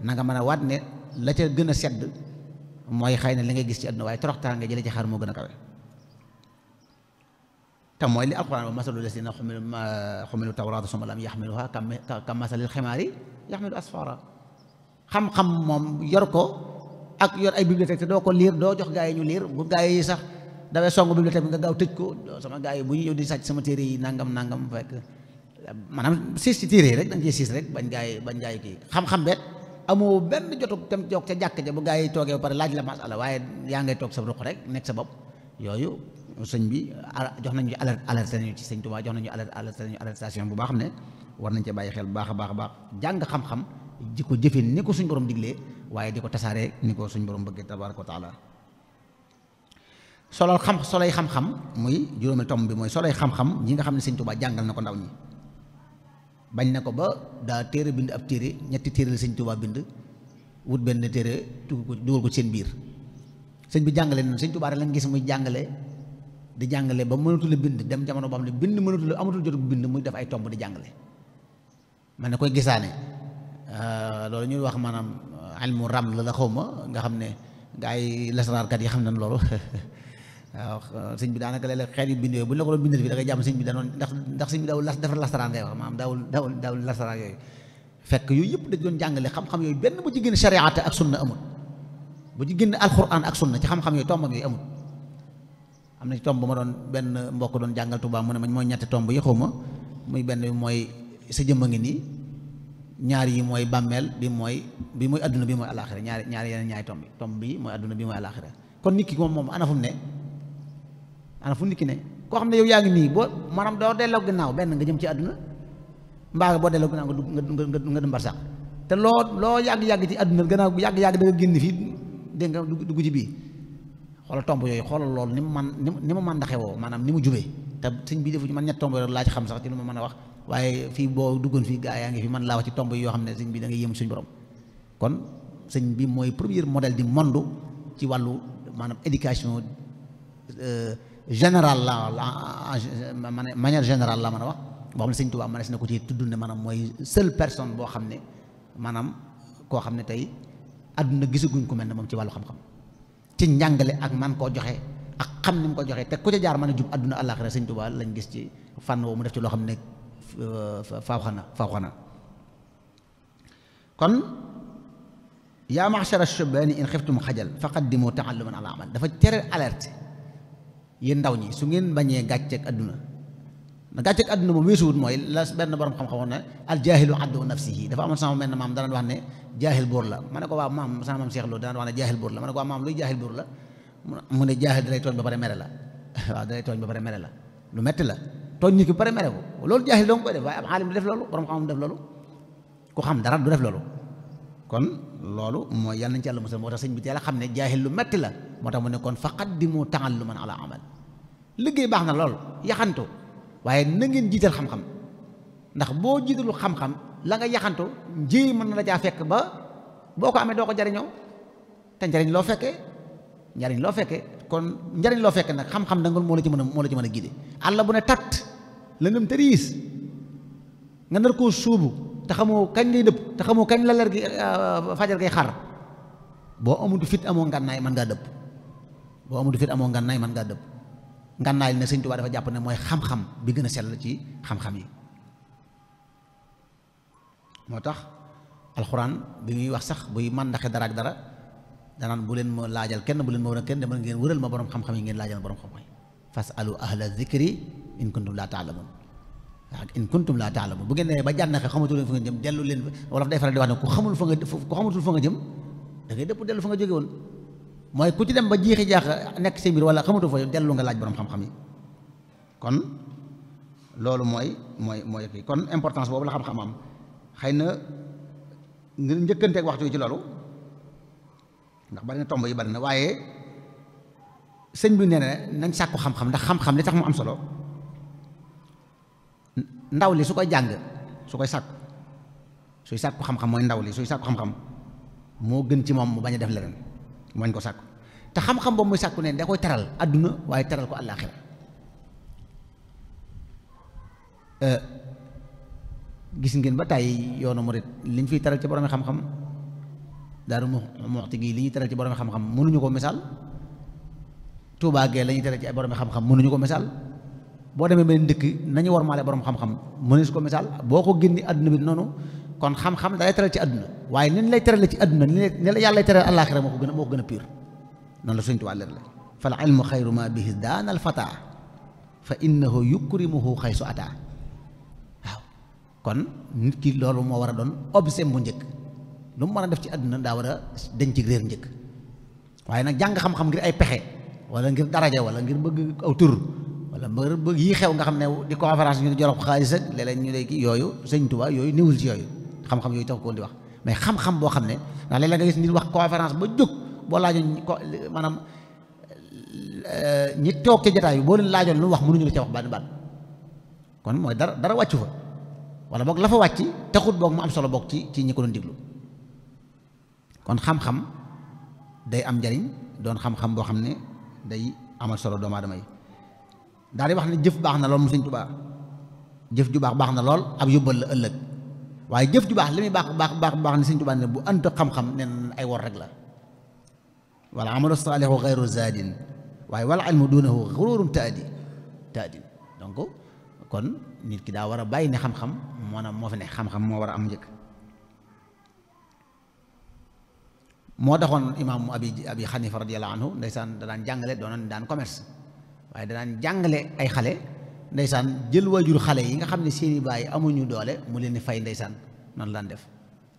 na nga mën a waat ne la ca gën a sedd mooy xëy na li ngay gis ci àdduna waaye toroxtaan nga jëlee ci xar te mooy li alquran wa masalu lasina xumilu xumilu tawraata suma lam yaxmiluha ka masalil ximaari yaxmilu asfara xam-xam moom yor ko ak yor ay bibliothèque te doo ko liir doo jox gaa yi ñu liir bu gaa yi sax dawee song bibliothèque bi nga gaaw tëj ko sama gaa yi bu ñu ñëw di sàcc sama téere yi nangam nangam fekk maanaam siis ci téere yi rek da ciy siis rek bañ gaa yi bañ gaa yi kii xam-xam bet amoo benn jotu tam joog ca jàkk ja bu gaa yi toogee ba pare laaj la masala waaye yaa toog sa ruq rek nekk sa bopp sëñ bi ah, jox nañu alerte alerte nañu ci sëñ Tuubaa jox nañu alerte alerte nañu alertation bu baax xam ne war nañ cee bàyyi xel bu baax a baax baax jàng xam-xam ji ko jëfee ni ko suñ boroom digle waaye di ko tasaare ni ko suñ borom bëggee tabaaraka wa taala xam soloy xam-xam muy juróomi tomb bi mooy soloy xam-xam yi nga xam ne sëñ Tuubaa jàngal na ko ndaw ñi bañ na ko ba daa téere bind ab téere ñetti téere la sëñ Tuubaa bind wut benn téere dugal ko seen biir sëñ bi jàngale noonu sëñ Tuubaa rek lañ gis mu jàngale di jàngale ba mënatula bind dem jamono boo xam ne bind mënatula amatul jotu bind muy def ay tomb di jàngale man ne koy gisaane euh, loolu ñuy wax maanaam almu euh, ram la la xaw ma nga xam ne ay lasaraarkat yi xam nañ loolu waaw sëñ bi daanaka léeg-léeg xeet yu bind yooyu bu ñu la ko doon bindal fii da ngay jàmm sëñ bi danoon ndax ndax sëñ bi daawul las defar lasaraan ngay wax maanaam daawul daawul daawul lasaraan yooyu fekk yooyu yëpp dañ doon jàngale xam-xam yooyu benn bu ci génn chariata ak sunna amul bu ci génn alquran ak sunna ci xam-xam yooyu tombam yooyu amul am na ci tomb ma doon benn mbokk doon jàngal Tuubaa mu ne ma mooy ñetti tomb yi xaw ma muy benn bi mooy sa jëmm a ngi nii ñaar yi mooy bàmmeel bi mooy bi mooy adduna bi mooy alaxira ñaari ñaari yeneen ñaari tomb yi tomb bi mooy adduna bi mooy alaxira kon nit ki moom moom ana fu mu ne ana fu ki ne koo xam ne yow yaa ngi nii boo maanaam doo delloo ginnaaw benn nga jëm ci adduna mbaa boo delloo ginnaaw nga dugg nga dem barsax te loo loo yàgg-yàgg ci adduna gannaaw yàgg-yàgg da nga génn fii nga dugg ci bii xoolal tomb yooyu xoolal loolu ni mu man ni mu man ndaxewoo maanaam ni mu jubee te sëñ bi defu ci man ñett tomb yooyu laa xam sax ci lu ma mën a wax waaye fii boo duggoon fii gaa yaa ngi fi man laa wax ci tomb yi yoo xam ne sëñ bi da kon sëñ bi mooy premier modèle di monde ci wàllu maanaam éducation euh, générale la manière générale la mën a wax boo xam ne sëñ Tuubaa na ko ci tudd ne maanaam mooy seule personne boo xam ne maanaam koo xam ne tey àdduna gisaguñ ko mel ne moom ci wàllu xam-xam ci njàngale ak man koo joxe ak xam ni mu ko joxe te ku ca jaar mën a jub àdduna àllaaxira sëñ Tuubaa lañ gis ci fànn woo mu def ci loo xam ne euh, faaw na faaw na kon yaa maxshara shubaani in xiftum xajal di faqaddimu taalluman ala amal dafa tere alerte yéen ndaw ñi su ngeen bañee gàcceeg àdduna ndax gàcceeg àdduna moom weesuwut mooy la benn borom xam-xam wax ne al jaahilu addu nafsihi dafa amoon sama mel ne maam daan wax ne jaahil buur la ma ne ko waaw maam sama maam Cheikh Lo daan wax ne jaahil ma ne jaahil buur la mu ne jaahil tooñ ba pare mere la waaw dalay tooñ ba pare mere la lu metti la tooñ nit ki ba pare mere ko loolu jaahil doo koy def waaye ab xaalim du def loolu borom xam-xam def loolu ku xam dara du def loolu kon loolu mooy yal nañ ci yàlla musal moo tax bi te yàlla xam ne jaahil lu metti la moo tax mu ne kon faqaddimu ta'alluman ala amal liggéey baax na lool yaxantu waaye na ngeen jiital xam-xam ndax boo jiitalu xam-xam la nga yaxantu njéey mën na la jaa fekk ba boo ko amee doo ko jariñoo te njariñ loo fekkee njariñ loo fekkee kon njariñ loo fekkee nag xam-xam da nga moo la ci mën a moo la ci mën a gide àll bu ne tat lëndëm tëriis nga nar koo suubu te xamoo kañ lay dëpp te xamoo kañ la leer gi euh, fajar gay xar boo amutu fit amoo ngànnaay mën ngaa dëpp boo amutu fit amoo ngànnaay mën ngaa dëpp ngànnaay li ne sëñ Tuubaa dafa jàpp ne mooy xam-xam bi gën a sell ci xam-xam yi moo tax alxuraan bi muy wax sax buy màndaxe dara ak dara danaan bu leen ma laajal kenn bu leen ma wër kenn demal ngeen wëral ma borom xam-xam yi ngeen laajal borom xam-xam yi fas alu ahla zikri in kuntum laa taalamun waaw in kuntum laa taalamun bu ngeen demee ba jànnaxe xamatul leen fa nga jëm dellu leen wala day faral di nga jëm da dëpp dellu fa nga jóge mooy ku ci dem ba jiixi jaax nekk si mbir wala xamatu fa dellu nga laaj borom xam-xam yi kon loolu mooy mooy mooy kon importance boobu la xam-xam am xëy na ngir njëkkanteeg waxtu yi ci loolu ndax bari na tomb yi bari na waaye sëñ bi nee na nañ sàkku xam-xam ndax xam-xam li tax mu am solo ndaw li su koy jàng su koy sàkku suy sàkku xam-xam mooy ndaw li suy sàkku xam-xam moo gën ci moom mu bañ a def leneen mañ ko sàkku te xam-xam boobu muy sàkku ne da koy teral àdduna waaye teral ko àllaaxira euh, gis ngeen ba tàyyi yoonu murit liñ fiy teral ci borom xam-xam daaru muxti gii li ñuy teral ci borom xam-xam mënuñu ko misaal Tuubaa gee la ñuy teral ci ay borom xam-xam mënuñu ko misaal boo demee benn dëkk nañu war maale borom xam-xam mënees ko misaal boo ko génni àdduna bi noonu kon xam-xam da lay ci àdduna waaye ni lay terale ci àdduna ni la yàlla lay teral àllaaxira moo ko gën a moo ko gën a piir noonu la Sëñ Tuubaa leer la fal ilmu xayru ma bihi daana al fata fa innahu moo ko ata waaw kon nit ki loolu moo war a doon objet bu njëkk lu mu mën a def ci àdduna daa war a denc ci njëkk waaye nag jàng xam-xam ngir ay pexe wala ngir daraja wala ngir bëgg tur wala mbër bëgg yi xew nga xam ne di conférence ñu di jorob xaalis ak léeg-léeg ñu lay yooyu Sëñ Tuubaa yooyu néewul ci yooyu xam-xam yooyu tax ko di wax mais xam-xam boo xam ne ndax léeg-léeg nga gis nit wax conférence ba jóg boo laajoon ko maanaam euh, ñi toog ca jotaay bi boo leen laajoon lu wax mënuñu la ca wax benn baat kon mooy dara dara wàccu fa wala boog la wàcc taxut boog am solo boog ci ci ñi ko doon diglu kon xam day am njariñ doon xam boo xam ne day amal solo doomu aadama yi daal di wax ne jëf baax na lool mu Sëñ Tuubaa jëf ju baax baax na lool ab yóbbal la ëllëg waaye jëf ju baax li muy baax baax baax baax ne Sëñ Tuubaa ne bu ant xam-xam ne ay wor rek la wala amalu saalihu xayru zaadin waaye wal ilmu duunahu xuruurum taadi taadi donc kon nit ki daa war a bàyyi ne xam-xam moo na moo fi ne xam-xam moo war a am njëkk moo taxoon imaamu abi abi xanifa radiallahu anhu ndeysaan danaan jàngale doonoon daan commerce waaye danaan jàngale ay xale ndeysaan jël waajur xale yi nga xam ne seeni baay amuñu doole mu leen di fay ndeysaan noonu laan def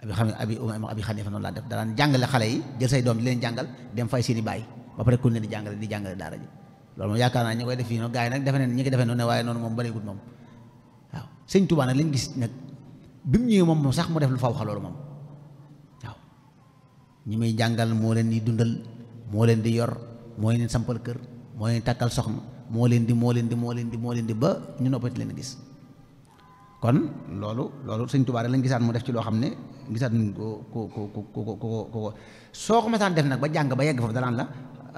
abi xam abi abi xanifa noonu laan def danaan jàngale xale yi jël say doom di leen jàngal dem fay seeni baay ba pare ku ne di jàngale di jàngale daara ji loolu moom yaakaar naa ñu koy def fii noonu gars yi nag defe ne ñi ko defee noonu ne waaye noonu moom bareegut moom waaw sëñ Tuubaa nag lañ gis nag bi mu ñëwee moom moom sax mu def lu fa wax loolu moom waaw ñi muy jàngal moo leen di dundal moo leen di yor moo leen kër moo leen takkal soxna moo leen di moo leen di moo leen di moo leen di ba ñu noppati leen gis kon loolu loolu sëñ Tuubaa lañ gisaat mu def ci loo xam ne gisaat ko ko ko ko ko ko ko soo ko masaan def nag ba jàng ba yegg foofu danaan la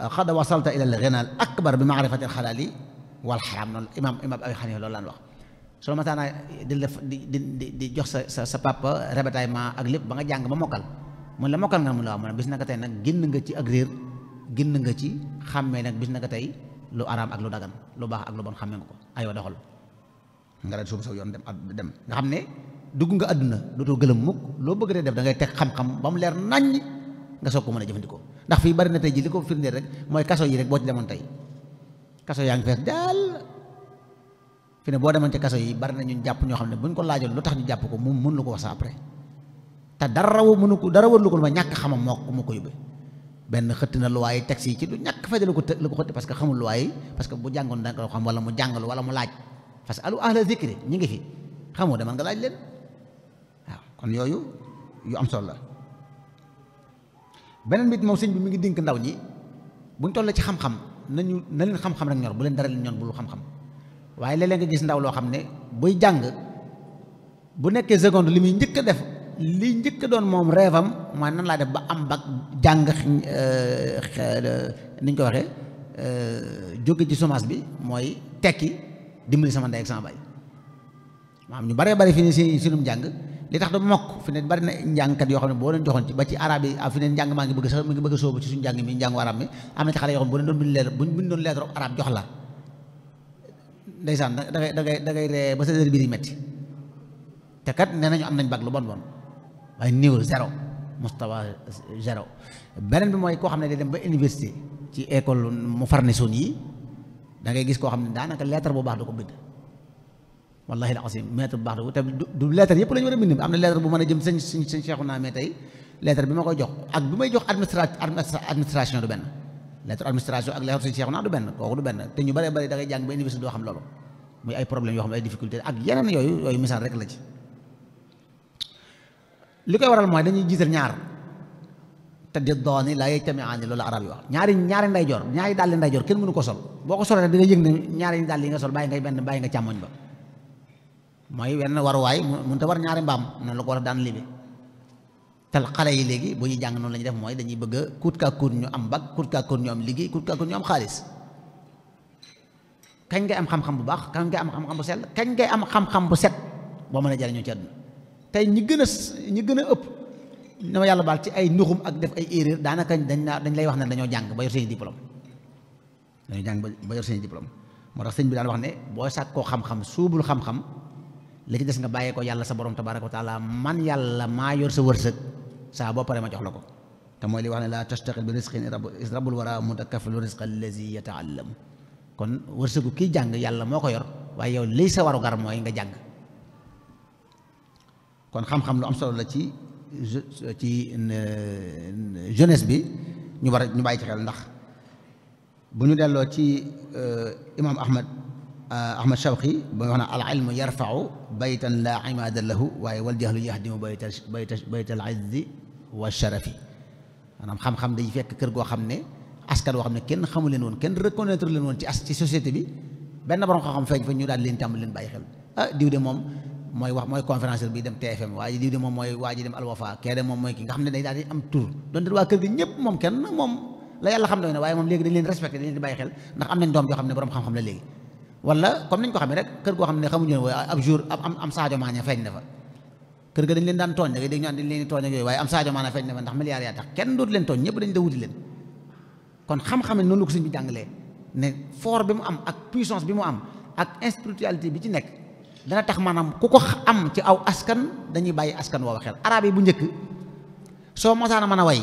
xad wasalta ila al ghina al akbar bi maarifati al xalaali wal xaraam noonu imaam imaam Abi Xanifa loolu laan wax soo masaan di def di di di jox sa sa sa papa rebataillement ak lépp ba nga jàng ba mokkal mun la mokkal nga mun la waaw mu ne bis naka tey nag génn nga ci ak réer génn nga ci xàmmee nag bis na ka tey lu araam ak lu dagan lu baax ak lu bon xàmme nga ko aywa doxal nga daal suubu saw yoon dem dem nga xam ne dugg nga àdduna dootoo gëlëm mukk loo bëgg dee def da ngay teg xam-xam ba mu leer nañ nga soog ko mën a jëfandikoo ndax fii bari na tey ji li ko firndeel rek mooy kaso yi rek boo ci demoon tey kaso yaa ngi fees daal fi ne boo demoon ci kaso yi bari na ñun jàpp ñoo xam ne buñ ko laajoon lu tax ñu jàpp ko moom mën lu ko wax sa après te dara mënu ko dara wër lu ko ma ñàkk xamam moo ko moo ko yóbbee benn xëtt na luwaay yi taxi yi ci du ñàkk fayda la ko la ko xëtt parce que xamul luwaay yi parce que bu jàngoon danga ko xam wala mu jàngalu wala mu laaj parce que alu ahla zikri ñu ngi fi xamoo dama nga laaj leen waaw kon yooyu yu am solo la beneen bit moom sëñ bi mi ngi dénk ndaw ñi buñ toll ci xam-xam nañu na leen xam-xam rek ñor bu leen dara leen ñoon bu lu xam-xam waaye léeg-léeg nga gis ndaw loo xam ne buy jàng bu nekkee seconde li muy njëkk a def li njëkk doon moom reevam mooy nan laa def ba am bag jàng euh, euh, ni ñu ko waxee euh, jóge ci semence bi mooy tekki dimbali sama ndey ak sama baay maanaam ñu baree bari fi ne si sunum njàng li tax da mokk fi ne bari na njàngkat yoo xam ne boo leen joxoon ci ba ci arab yi ah, fi ne njàng maa ngi bëgg sax mi ngi bëgg soobu ci suñu njàng mi njàngu arab mi am na ci xale yoo xam boo leen doon bind leer buñ doon leer jox la ndeysaan da ngay da ngay da ngay ree ba sa heure bii di metti am nañ bag lu bon bon waaye niveau zéro mustawa zéro beneen bi mooy koo xam ne day dem ba université ci école mu farne son yi da ngay gis koo xam ne daanaka lettre bu baax du ko bind wallahi la asim lettre bu baax du ko te du lettre yëpp la ñu am na lettre bu mën a jëm sëñ sëñ sëñ naa mais tey lettre bi ma koy jox ak bi may jox administration du benn lettre administration ak lettre sëñ Cheikhu naa du benn kooku du benn te ñu bëree bëri da ngay ba université la ci li koy waral mooy dañuy jiital ñaar te di dooni laa yajtamiaani loolu arab yi wax ñaari ñaari ndeyjoor ñaari dàlli ndeyjoor kenn mënu ko sol boo ko solee rek di nga yëg ne ñaari dàll yi nga sol bàyyi ngay benn bàyyi nga càmmoñ ba mooy wenn waruwaay mun te war ñaari mbaam noonu la ko war a daan libe te xale yi léegi bu ñuy jàng noonu la def mooy dañuy bëgg kuut kaa kuut ñu am bag kuut kaa kuut ñu am liggéey kuut kaa kuut ñu am xaalis kañ ngay am xam bu baax kañ ngay am xam-xam bu sell kañ ngay am xam-xam bu set boo mën a jariñoo ci àdduna tey ñi gën a ñi gën a ëpp na ma yàlla baal ci ay nduxum ak def ay erreur daanaka dañ naa dañ lay wax ne dañoo jàng ba yor seen diplôme dañoo jàng ba yor seen moo tax sëñ bi daan wax ne boo sàkkoo xam-xam suubul xam-xam la ci des nga bàyyee ko yàlla sa borom tabaraka wa taala man yàlla maa yor sa wërsëg saa boo paree ma jox la ko te mooy li wax ne laa tastaxil bi risqin is rabul wara mutakafilu risqa allazi yataallamu kon wërsëgu kii jàng yàlla moo ko yor waaye yow lii sa waru gar nga jàng kon xam-xam lu am solo la ci ci euh, jeunesse bi ñu war ñu bàyyi ci xel ndax bu ñu delloo ci euh, imaam Ahmad euh, Ahmad Shawqi ba wax na al ilmu yarfau baytan laa imaada lahu waaye wal jahlu yahdimu bayta bayta baytal izzi wa sharafi maanaam xam-xam day fekk kër goo xam ne askan woo xam ne kenn xamu leen woon kenn reconnaître leen woon ci as ci société bi benn borom xam-xam feeñ fa ñu daal leen tàmbali leen bàyyi xel ah diw de moom. mooy wax mooy conférencier bi dem TFM waa ji lii de moom mooy waa ji dem Alwafa kee de moom mooy ki nga xam ne day daal di am tur donte waa kër waaye leen am nañ doom feeñ na fa daan tooñ da ngay dégg ñu naan dañ leen di ndax milliards yaa tax kenn dootu leen tooñ ñëpp dañ da wuti leen kon xam-xam noonu la ko sëñ bi jàngalee ne fort bi mu am ak puissance bi mu am ak spiritualité bi ci nekk dana tax maanaam ku ko am ci aw askan dañuy bàyyi askan woowu xel arab yi bu njëkk soo mosaana mën a way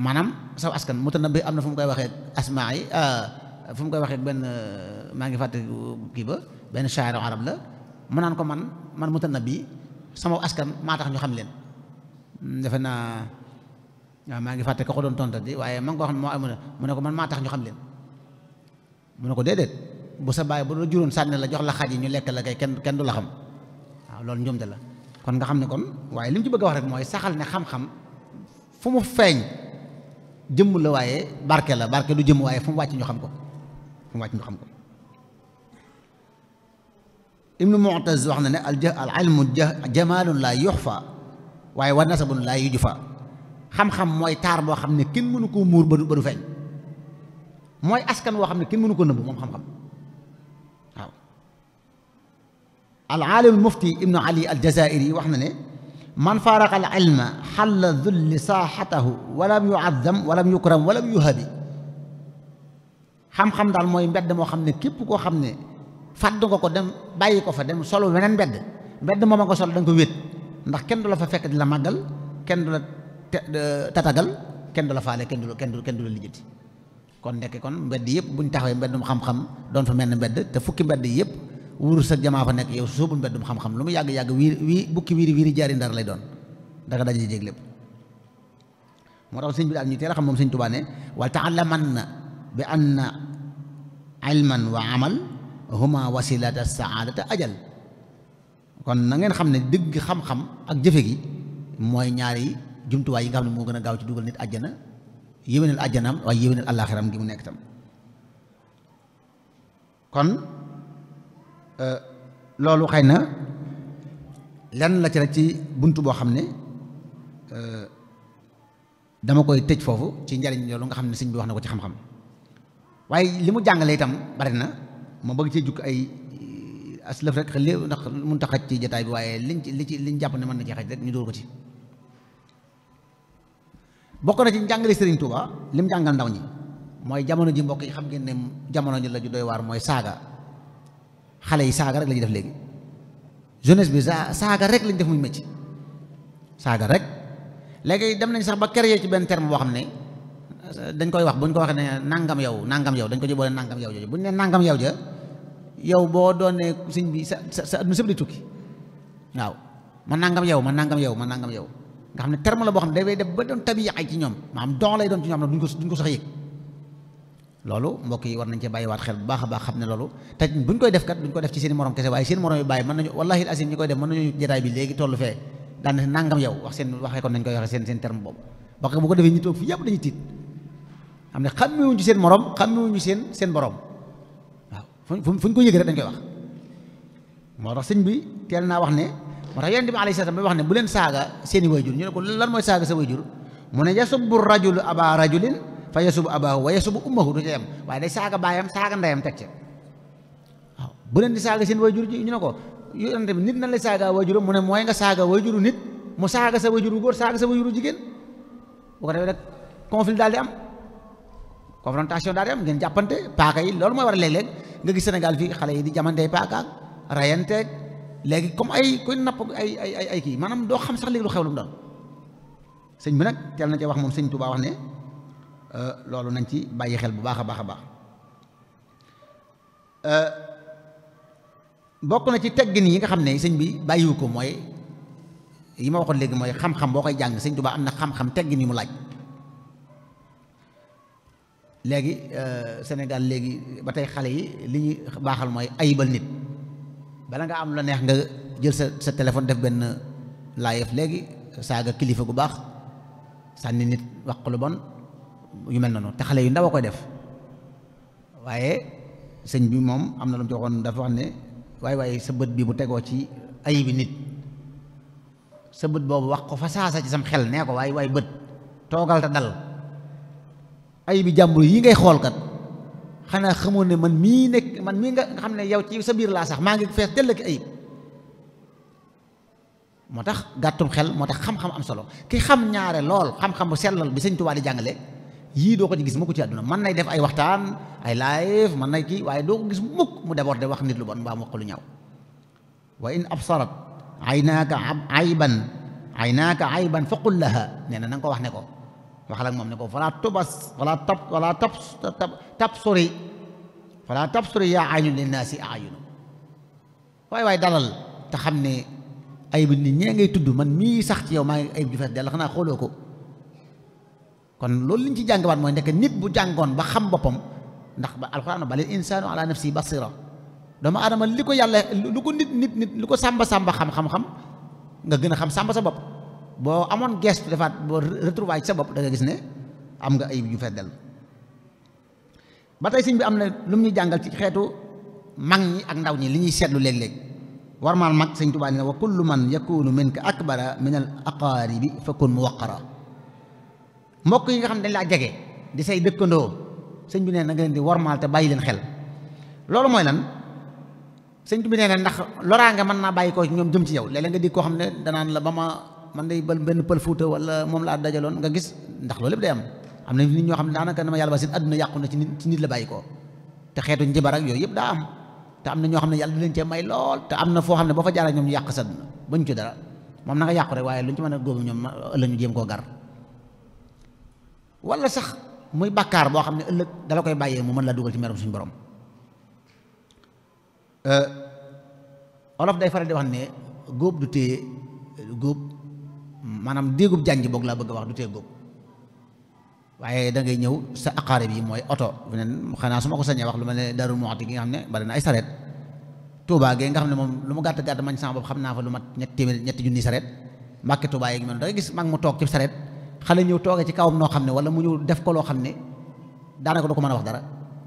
maanaam saw askan Mutanabbi am na fu mu koy waxee asmaa yi ah, fu mu koy waxee benn ah, maa ngi fàtte kii ba benn shaairo arab la mu naan ko man man Mutanabbi sama askan maa tax ñu xam leen defe naa waaw ah, maa ngi fàtte ko ko doon tonta di waaye ma ngi ko xam ne moo mu ne ko man maa tax ñu xam leen mu ne ko déedéet bu sa baay bu la juróon sànni la jox la xaj yi ñu lekk la kay kenn du la xam waaw loolu njuumte la kon nga xam ne kon waaye li mu ci bëgg a wax rek mooy saxal ne xam-xam fu mu feeñ jëmm la waaye barke la barke du jëmm waaye fu mu wàcc ñu xam ko fu mu wàcc ñu xam ko wax na ne al ilmu laa laa fa waaye wa nasabun laa yujfa xam-xam mooy taar boo xam ne kenn mënu koo muur ba du feeñ mooy askan woo xam ne kenn mënu koo nëbb moom xam-xam al aalim mufti ibnu ali al jazairi wax na ne man faaraqa al ilma xalla dulli saaxatahu walam yuazzam walam yukram walam yuhabi xam-xam daal mooy mbedd moo xam ne képp koo xam ne fàdd nga ko dem bàyyi ko fa dem solo weneen mbedd mbedd moom a nga solo da nga ko wéet ndax kenn du la fa fekk di la màggal kenn du la tatagal kenn du la faale kenn du la kenn du la lijjati kon ndekk kon mbedd yëpp bu ñu taxawee mbeddum xam-xam doon fa mel ne mbedd te fukki mbedd yëpp wurus sa jamaa fa nekk yow soobu mbeddum xam-xam lu mu yàgg-yàgg wiir wii bukki wiiri wiiri jaari ndar lay doon daga daje jéeg lépp moo tax sëñ bi daal ñu teel a xam moom sëñ Tuubaa ne wa taalamanna bi anna ilman wa amal huma wasilata saadata ajal na ngeen xam ne dëgg xam ak jëfe gi mooy ñaari jumtuwaay yi nga ne moo gën a ci dugal nit àjjana yéwénal àjjanaam waaye yéwénal àllaaxiram gi mu nekk tam kon Euh, loolu xëy na lenn la ci rek ci bunt boo xam ne euh, dama koy tëj foofu ci njariñ loolu nga xam ne sëñ bi wax na ko ci xam-xam waaye li mu jàngale itam bari na ma bëgg cee jukk ay euh, aslëf rek xel ndax mun ta xaj ci jataay bi waaye liñ li ci liñ jàpp ne mën na ci xaj ñu dóor ko ci bokk na ci njàngale Serigne Touba jàngal ndaw ñi mooy jamono ji mbokk yi xam ngeen jamono ji la ju doy waar mooy saaga xale yi saaga rek la ñuy def léegi jeunesse bi saaga rek lañ def muy métier saaga rek léegi dem nañ sax ba créer ci benn terme boo xam ne dañ koy wax bu ñu ko waxee ne nangam yow nangam yow dañ ko jëboole nangam yow jooju bu ñu ne nangam yow ja yow boo doonee sëñ bi sa sa sa nu sëb tukki waaw ma nangam yow ma nangam yow ma nangam yow nga xam ne terme la boo xam ne day def ba doon tabiyaay ci ñoom am don lay doon ci ñoom ko duñ ko sax yëg loolu mbokk yi war nañ ci bàyyiwaat xel bu baax a baax xam ne loolu te buñ koy def kat duñ ko def ci seen morom kese waaye seen morom yu bàyyi mën nañu wallahi asim ñi koy def mën nañu jotaay bi na nangam yow wax seen waxee kon nañ koy seen seen terme boobu parce que bu ko defee ñu tiit xam ne xàmmewuñu seen morom xàmmewuñu seen seen borom waaw fu fu ñu ko yëg rek dañ koy wax moo tax sëñ bi teel naa wax ne moo tax yonent bi wax ne bu leen saaga seen i wayjur ñu ne ko lan mooy saaga sa wayjur mu ne yasubbu rajulu aba rajulin fa yasubu abaahu wa yasubu ummahu du ca yem waaye day saaga baayam saaga ndeyam teg ca waaw bu leen di saaga seen wayjur ji ñu ne ko yonente bi nit nan lay saaga wayjuram mu ne mooy nga saaga wayjuru nit mu saaga sa wayjuru góor saaga sa wayjuru jigéen bu ko defee rek daal di am jàppante paaka yi loolu mooy war a nga gis Sénégal fii xale yi di jamantee paakaak rayanteeg léegi comme ay kuy napp ay ay kii maanaam doo xam sax léegi lu xew lu mu sëñ bi nag teel na ca wax moom sëñ Tuubaa wax ne Euh, loolu nañ ci bàyyi xel bu baax a baax a baax euh, bokk na ci teggin yi nga xam ne sëñ bi bàyyiwu ko mooy yi ma waxoon léegi mooy xam-xam boo koy jàng sëñ Tuubaa am na xam-xam teggin yi mu laaj léegi euh, Sénégal léegi ba tey xale yi li ñuy baaxal mooy ayibal nit bala nga am la neex nga jël sa sa téléphone def benn live léegi saaga kilifa gu baax sànni nit wax lu bon yu mel noonu te xale yi ndaw a koy def waaye sëñ bi moom am na lu mu ci dafa wax ne waaye waaye sa bët bi bu tegoo ci ayibi nit sa bët boobu wax ko fa saasa ci sam xel nee ko waaye waaye bët toogal te dal ayibi jàmbur yi ngay xool kat xanaa xamoon ne man mii nekk man mii nga xam ne yow ci sa biir laa sax maa ngi fees dell ak ayib moo tax gàttum xel moo tax xam-xam am solo ki xam ñaare lool xam-xam bu sellal bi sëñ Tuubaa di jàngale yii doo ko ci gis mukk ci àdduna mën nay def ay waxtaan ay live mën nay kii waaye doo ko gis mukk mu déborde wax nit lu bon mbaa mu wax lu ñaaw wa in absarat aynaaka ayban aynaaka ayban faqul laha nee na na nga ko wax ne ko waxal ak moom ne ko falaa tubas falaa tab falaa tab tabsuri falaa tabsuri yaa aynu linnaasi ayunu waay waay dalal te xam ne ayib nit ñee ngay tudd man mii sax ci yow maa ngi ayib ju fees dell xanaa xooloo ko kon loolu liñ ci jàngewaat mooy nekk nit bu jàngoon ba xam boppam ndax ba alxuraan balil insaanu ala nafsi basira doomu li ko yàlla lu ko nit lu ko sàmba sàmba xam xam nga gën a xam sàmba sa bopp boo amoon gestu defaat boo sa bopp da gis ne am nga ayib yu fees ba tey sëñ bi am na lu mu ñu jàngal ci xeetu mag ñi ak ndaw ñi li ñuy seetlu léeg-léeg warmaal mag sëñ Tuubaa ne wa kullu man yakunu minka akbara min al aqaaribi fa kun muwaqara mbokk yi nga xam ne dañ laa jege di say dëkkandoo sëñ bi nee na nga leen di warmaal te bàyyi leen xel loolu mooy lan sëñ bi ne na ndax loraange mën naa bàyyi ko ñoom jëm ci yow léeg-léeg nga di koo xam ne danaan la ba ma man day ba benn pël fuuta wala moom laa dajaloon nga gis ndax loolu lépp day am am na nit ñoo xam ne daanaka dama yàlla ba seen adduna yàqu na ci nit ci la bàyyi ko te yooyu yëpp daa am te am na ñoo xam ne yàlla di leen cee may lool te am na foo xam ne boo fa jaaree ñoom ñu yàq sa adduna bañ ci dara moom na nga yàqu rek waaye lu ñu ci mën a góobu ñoom ëllëg ñu jéem koo gar wala sax muy bàkkaar boo xam ne ëllëg dala koy bàyyee mu mën laa dugal ci merum suñu borom euh, olof day faral di wax ne góob du téye góob maanaam déegub jànj boog laa bëgg a wax du téye góob waaye da ngay ñëw sa aqaarib yi mooy oto beneen xanaa su ma ko sañee wax lu ma ne Daaru Muxti gi nga xam ne bari na ay sareet Touba gee nga xam ne moom lu mu gàtt gàtt mañ sama bopp xam naa fa lu mat ñetti téeméer ñetti junni sareet Mbàkke Touba yeegi mel da gis mag mu toog ci sareet xale ñëw toogee ci kawam noo xam ne wala mu ñëw def ko loo xam ne daanaka du ko mën a wax dara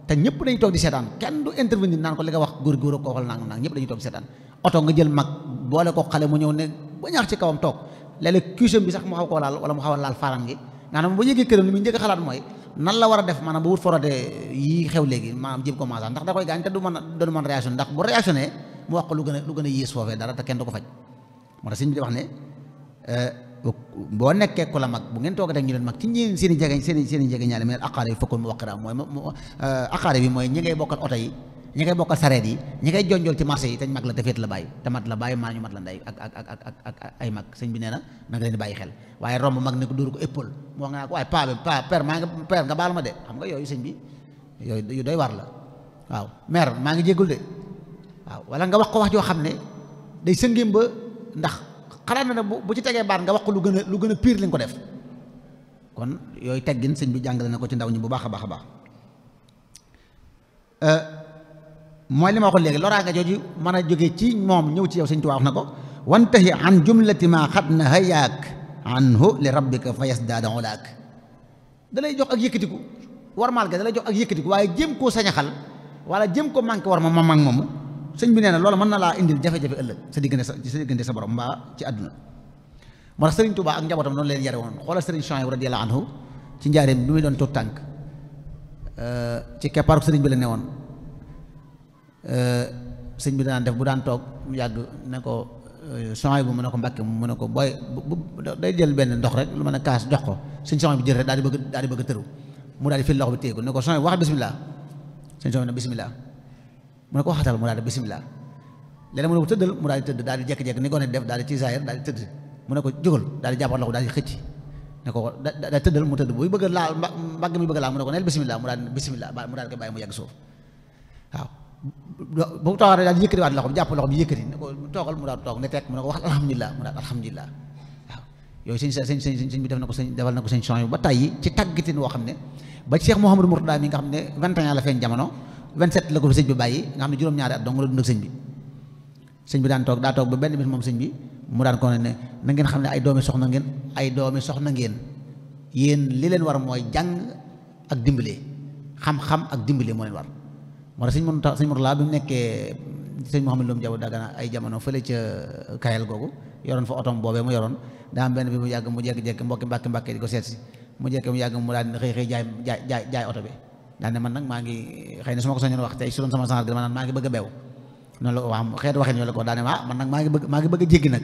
te ñëpp dañu toog di seetaan kenn du intervenir naan ko li nga wax góor góor ko waxal nangam nangam ñëpp dañuy toog di seetaan oto nga jël mag boole ko xale mu ñëw ne ba ci kawam toog léeg-léeg cuisine bi sax mu xaw koo laal wala mu xaw laal faaram gi maanaam ba yëgee këram li muy njëkk mooy nan la war a def maanaam ba wut forate yi xew léegi maanaam jéem ko commencé ndax da koy gaañ te du mën a doon mën réaction ndax bu réactionné mu wax lu gën a lu gën dara kenn du ko faj moo tax ne euh, boo nekkee ku la mag bu ngeen toogatee ñu leen mag ci ñeen seen i jegeñ seen i seen i mu neen aqaare bi mooy euh, aqaare bi mooy ñi bokkal oto yi ñi bokkal sareet yi ñi jonjool ci marché yi tañ mag la defeet la bàyyi te mat la bàyyi maa ñu mat la ndey ak ak ak ak ak ay mag sëñ bi nee na leen bàyyi xel waaye romb mag ne ko dóor ko épaule moo nga naa ko waaye pa bi pa père nga père de xam nga yooyu sëñ bi yooyu yu war xalaat na ne bu ci tegee baat nga wax ko lu gën a lu gën a pire li ko def kon yooyu teggin sëñ bi jàngale na ko ci ndaw ñi bu baax a baax a baax euh, mooy li ma waxoon léegi loraa nga jooju man a jóge ci moom ñëw ci yow sëñ Tuubaa wax na ko wantahi an jumlati ma xat na hayaak anhu li rabbika fa yasdaada olaak da lay jox ak yëkkatiku war ga da lay jox ak yëkkatiku waaye jéem koo sañaxal wala jéem ko manqué war ma ma mag moomu sëñ bi nee na loolu mën na laa indil jafe-jafe ëllëg sa diggante sa sa diggante sa borom mbaa ci àdduna moo tax sëriñ Tuubaa ak njabootam noonu leen yare woon xoolal sëriñ Chouaïb radiyallahu anhu ci njaareem bi muy doon tuut tànk euh, ci sëriñ bi la ne woon euh, sëñ bi daan def bu daan toog mu yàgg ne ko euh, Chouaïb bu mu ne ko Mbàkke mu ne ko booy bu day jël benn ndox rek lu mën a kaas jox ko sëñ Chouaïb bi jël rek daal di bëgg daal di bëgg tëru mu daal di fil loxo bi téye ko ne ko Chouaïb wax bismillah sëñ Chouaïb ne bismillah mu ne ko waxatal mu daal di bisimilah léeg-léeg mu ne ko tëddal mu daal di tëdd daal di jékki-jékki ni gone def daal di mu ne ko jógal daal di loxo a laal mbagg mi bëgg a laal mu ne ko neel bisimilah mu daal di bisimilah mu daal bu jàpp loxo bi yëkkati ne toogal mu daal toog ne tekk mu ne ko wax alhamdulilah mu daal alhamdulilah waaw yooyu sëñ sëñ sëñ sëñ bi def na ko sëñ defal ba tàyyi ci tàggitin woo xam ne ba Cheikh Mouhamadou Mourtada mi nga xam ne 21 la feeñ jamono set la ko fi sëñ bi bàyyi nga xam ne juróom-ñaari at dong la dund ak sëñ bi sëñ bi daan toog daa toog ba benn bis moom sëñ bi mu daan ko na ngeen xam ne ay doomi soxna ngeen ay doomi soxna ngeen yéen li leen war mooy jàng ak dimbale xam-xam ak dimbale moo leen war moo tax sëñ mën sëñ Murtala bi mu nekkee sëñ Mouhamed Loum Diaw Dagana ay jamono fële ca Kayel googu yoroon fa otom boobee mu yoroon daa benn bi mu yàgg mu jékki-jékki mbokki mbàkki mbàkki di ko seet si mu jékki mu yàgg mu daan xëy xëy jaay jaay jaay oto bi daane man nag maa ngi xëy na su ma ko soññoon wax tey su doon sama sangar gi dama naan maa ngi bëgg a beew noonu la ko ko daal ne ah, man nag maa ngi bëgg maa ngi bëgg a jéggi nag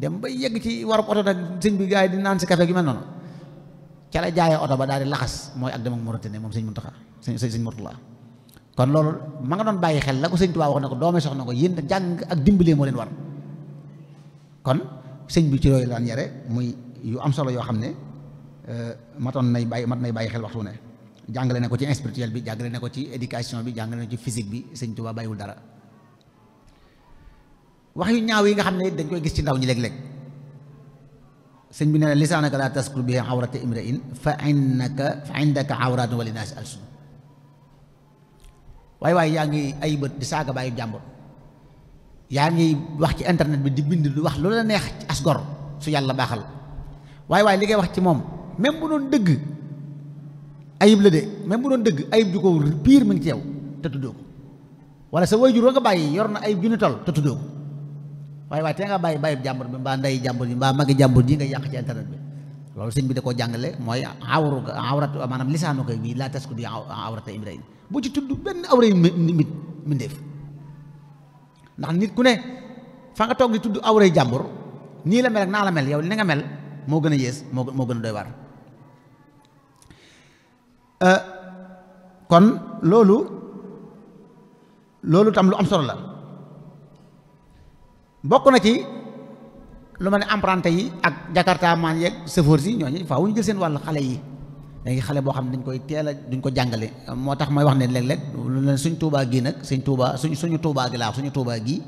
dem ba yegg ci warub oto nag sëñ bi gars yi di naan si café gi ma noonu ca la jaayee oto ba daal di laxas mooy ak dem ak Mauritanie moom sëñ Muntaxa sëñ sëñ Murtala kon loolu ma nga doon bàyyi xel la ko sëñ Tuubaa wax na ko doome soxna ko yéen jàng ak dimbalee moo leen war kon sëñ bi ci yooyu laan yare muy yu am solo yoo xam ne euh, matoon nay bàyyi mat nay bàyyi xel waxtu ne jàngale na ko ci spirituel bi jàngale na ko ci éducation bi jàngale na ko ci physique bi sëñ Tuubaa dara wax yu ñaaw yi nga xam ne dañ koy gis ci ndaw ñi léeg-léeg sëñ bi nee na lisaanaka laa taskur bi awrata imrain fa innaka fa indaka awratun wa linaasi alsun waaye waaye yaa ngi ay bët di saaga bàyyi jàmbur yaa ngi wax ci internet bi di bind lu wax loolu la neex asgor su yàlla baaxal waaye waaye li wax ci moom même bu doon dëgg ayib la de même bu doon dëgg ayib ju ko piir mi ngi ci yow te tuddoo ko wala sa wayjur wa nga bàyyi yor na ayib ju ni tol te tuddoo ko waaye waaye tee nga bàyyi bàyyi jàmbur bi mbaa nday jàmbur bi mbaa ji nga yàq ci internet bi bi da koo jàngale mooy awru awrat maanaam lisaanu koy laa tasku di awrata imrain bu tudd benn awra yi mit mindeef ndax nit ku ne fa nga toog di tudd awray jàmbur nii la mel ak naa la mel yow li nga mel moo gën a yées moo moo gën a doy waar Euh, kon loolu loolu tam lu am solo la bokk na ci lu ma ne emprunté yi ak jakarta maan yeeg chauffeur si ñooñu faaw ñu jël seen wàllu xale yi léegi xale boo xam ne dañ koy teel a duñ ko jàngale moo tax may wax ne léeg-léeg lu leen suñ tuubaa gi nag suñ tuubaa suñ suñu tuubaa gi laa suñu tuubaa gi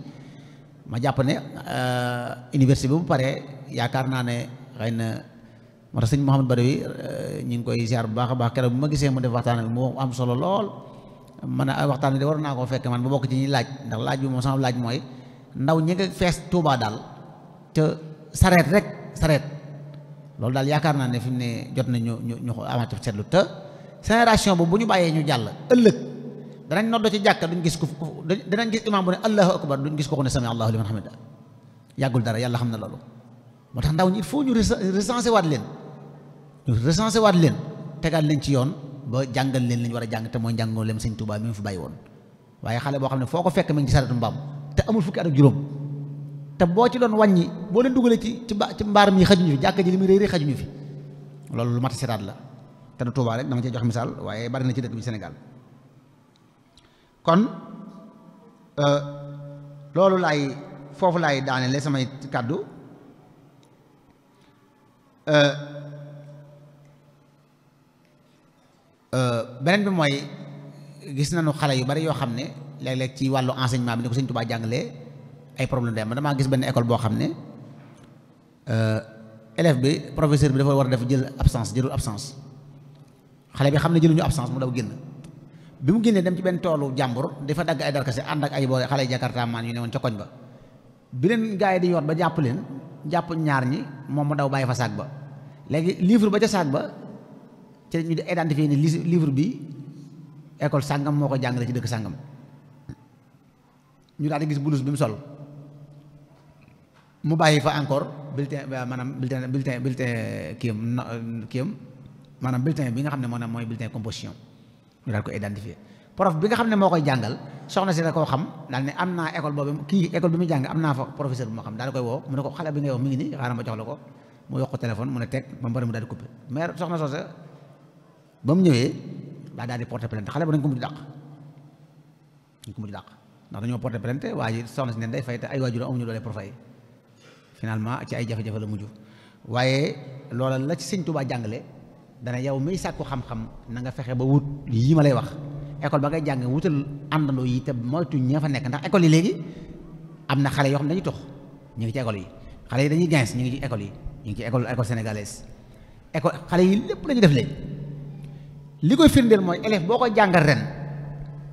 ma jàpp ne euh, université bi bu paree yaakaar naa ne xëy moo tax sëñ Mouhamed Badawi euh, ñu ngi koy ziar bu baax baax keroog bu ma gisee mu def waxtaan bi mu am solo lool man a waxtaan bi de war naa koo fekkee man ba bokk ci ñuy laaj ndax laaj bi moom sama laaj mooy ndaw ñi nga fees tuubaa daal te sareet rek sareet loolu daal yaakaar naa ne fi mu ne jot na ñu ñu ñu amati seetlu te génération boobu bu ñu bàyyee ñu jàll ëllëg danañ noddo ci jàkk duñ gis ku danañ gis imaam bu ne allahu akbar duñ gis kooku ne sami allahu liman hamida yàggul dara yàlla xam na loolu moo tax ndaw ñi il faut ñu recensé waat leen ñu waat leen tegaat leen ci yoon ba jàngal leen li ñu war a jàng te mooy njàngoo leen sëñ Tuubaa mu fi bàyyi woon waaye xale boo xam ne foo ko fekk mi ngi ci saretu mbaam te amul fukki at ak juróom te boo ci doon wàññi boo leen dugalee ci ci ci mbaar mi xajuñu fi jàkka ji li muy réy réy xajuñu fi loolu lu mat a siraat la te du Tuubaa rek dama cee jox misaal waaye bari na ci dëkk bi Sénégal kon euh, loolu laay foofu laay daanele samay kàddu Euh, euh, beneen bi mooy gis nañu xale yu bari yoo xam ne léeg lekk ci wàllu enseignement bi ni ko Sëñ Tuubaa jàngalee ay problème day am damaa gis benn école boo xam ne euh, élève bi professeur bi dafa war def jël absence jëlul absence xale bi xam ne jëluñu absence mu daw génn bi mu génnee dem ci benn toolu jàmbur dafa dagg ay darkase ànd ak ay boole xale yi jakarta maan yu ne woon ca koñ ba bi leen gaa di yoot ba jàpp leen jàpp ñaar ñi moom mu daw bàyyi fa saag ba léegi livre ba ca saag ba ci ñu identifié ni livre bi école sàngam moo ko jàngale ci dëkk sàngam ñu daal di gis bulus bi mu sol mu bàyyi fa encore bulletin euh, maanaam bulletin bulletin bulletin kiyam euh, kiyam maanaam bulletin bi nga xam ne moo ne mooy bulletin composition ñu daal ko identifié prof bi nga xam ne moo koy jàngal soxna si da koo xam daal ne am naa école boobu kii école bi muy jàng am naa fa professeur bu ma xam daal koy woo mu ne ko xale bi nga yow mi ngi nii xaaral ma jox la ko mu yokk téléphone mu ne teg ba mu pare mu daal di coupé mais soxna soosa ba mu ñëwee daa daal di porté plainte xale bi dañ ko mujj dàq dañ ko mujj dàq ndax dañoo waa ji soxna si ne day fay te ay waajur amuñu doole pour fay finalement ci ay jafe-jafe la mujj waaye loola la ci sëñ Tuubaa jàngale dana yow miy sàkku xam-xam na nga fexe ba wut yii ma lay wax école ba ngay jàng wutal àndandoo yi te moytu ña fa nekk ndax école yi léegi am na xale yoo xam ne dañuy tox ñu ngi ci école yi xale yi dañuy gens ñu ngi ci école yi ñu ngi ci école école sénégalaise xale yi lépp lañu def léegi li koy firndeel mooy élève boo ko jàngal ren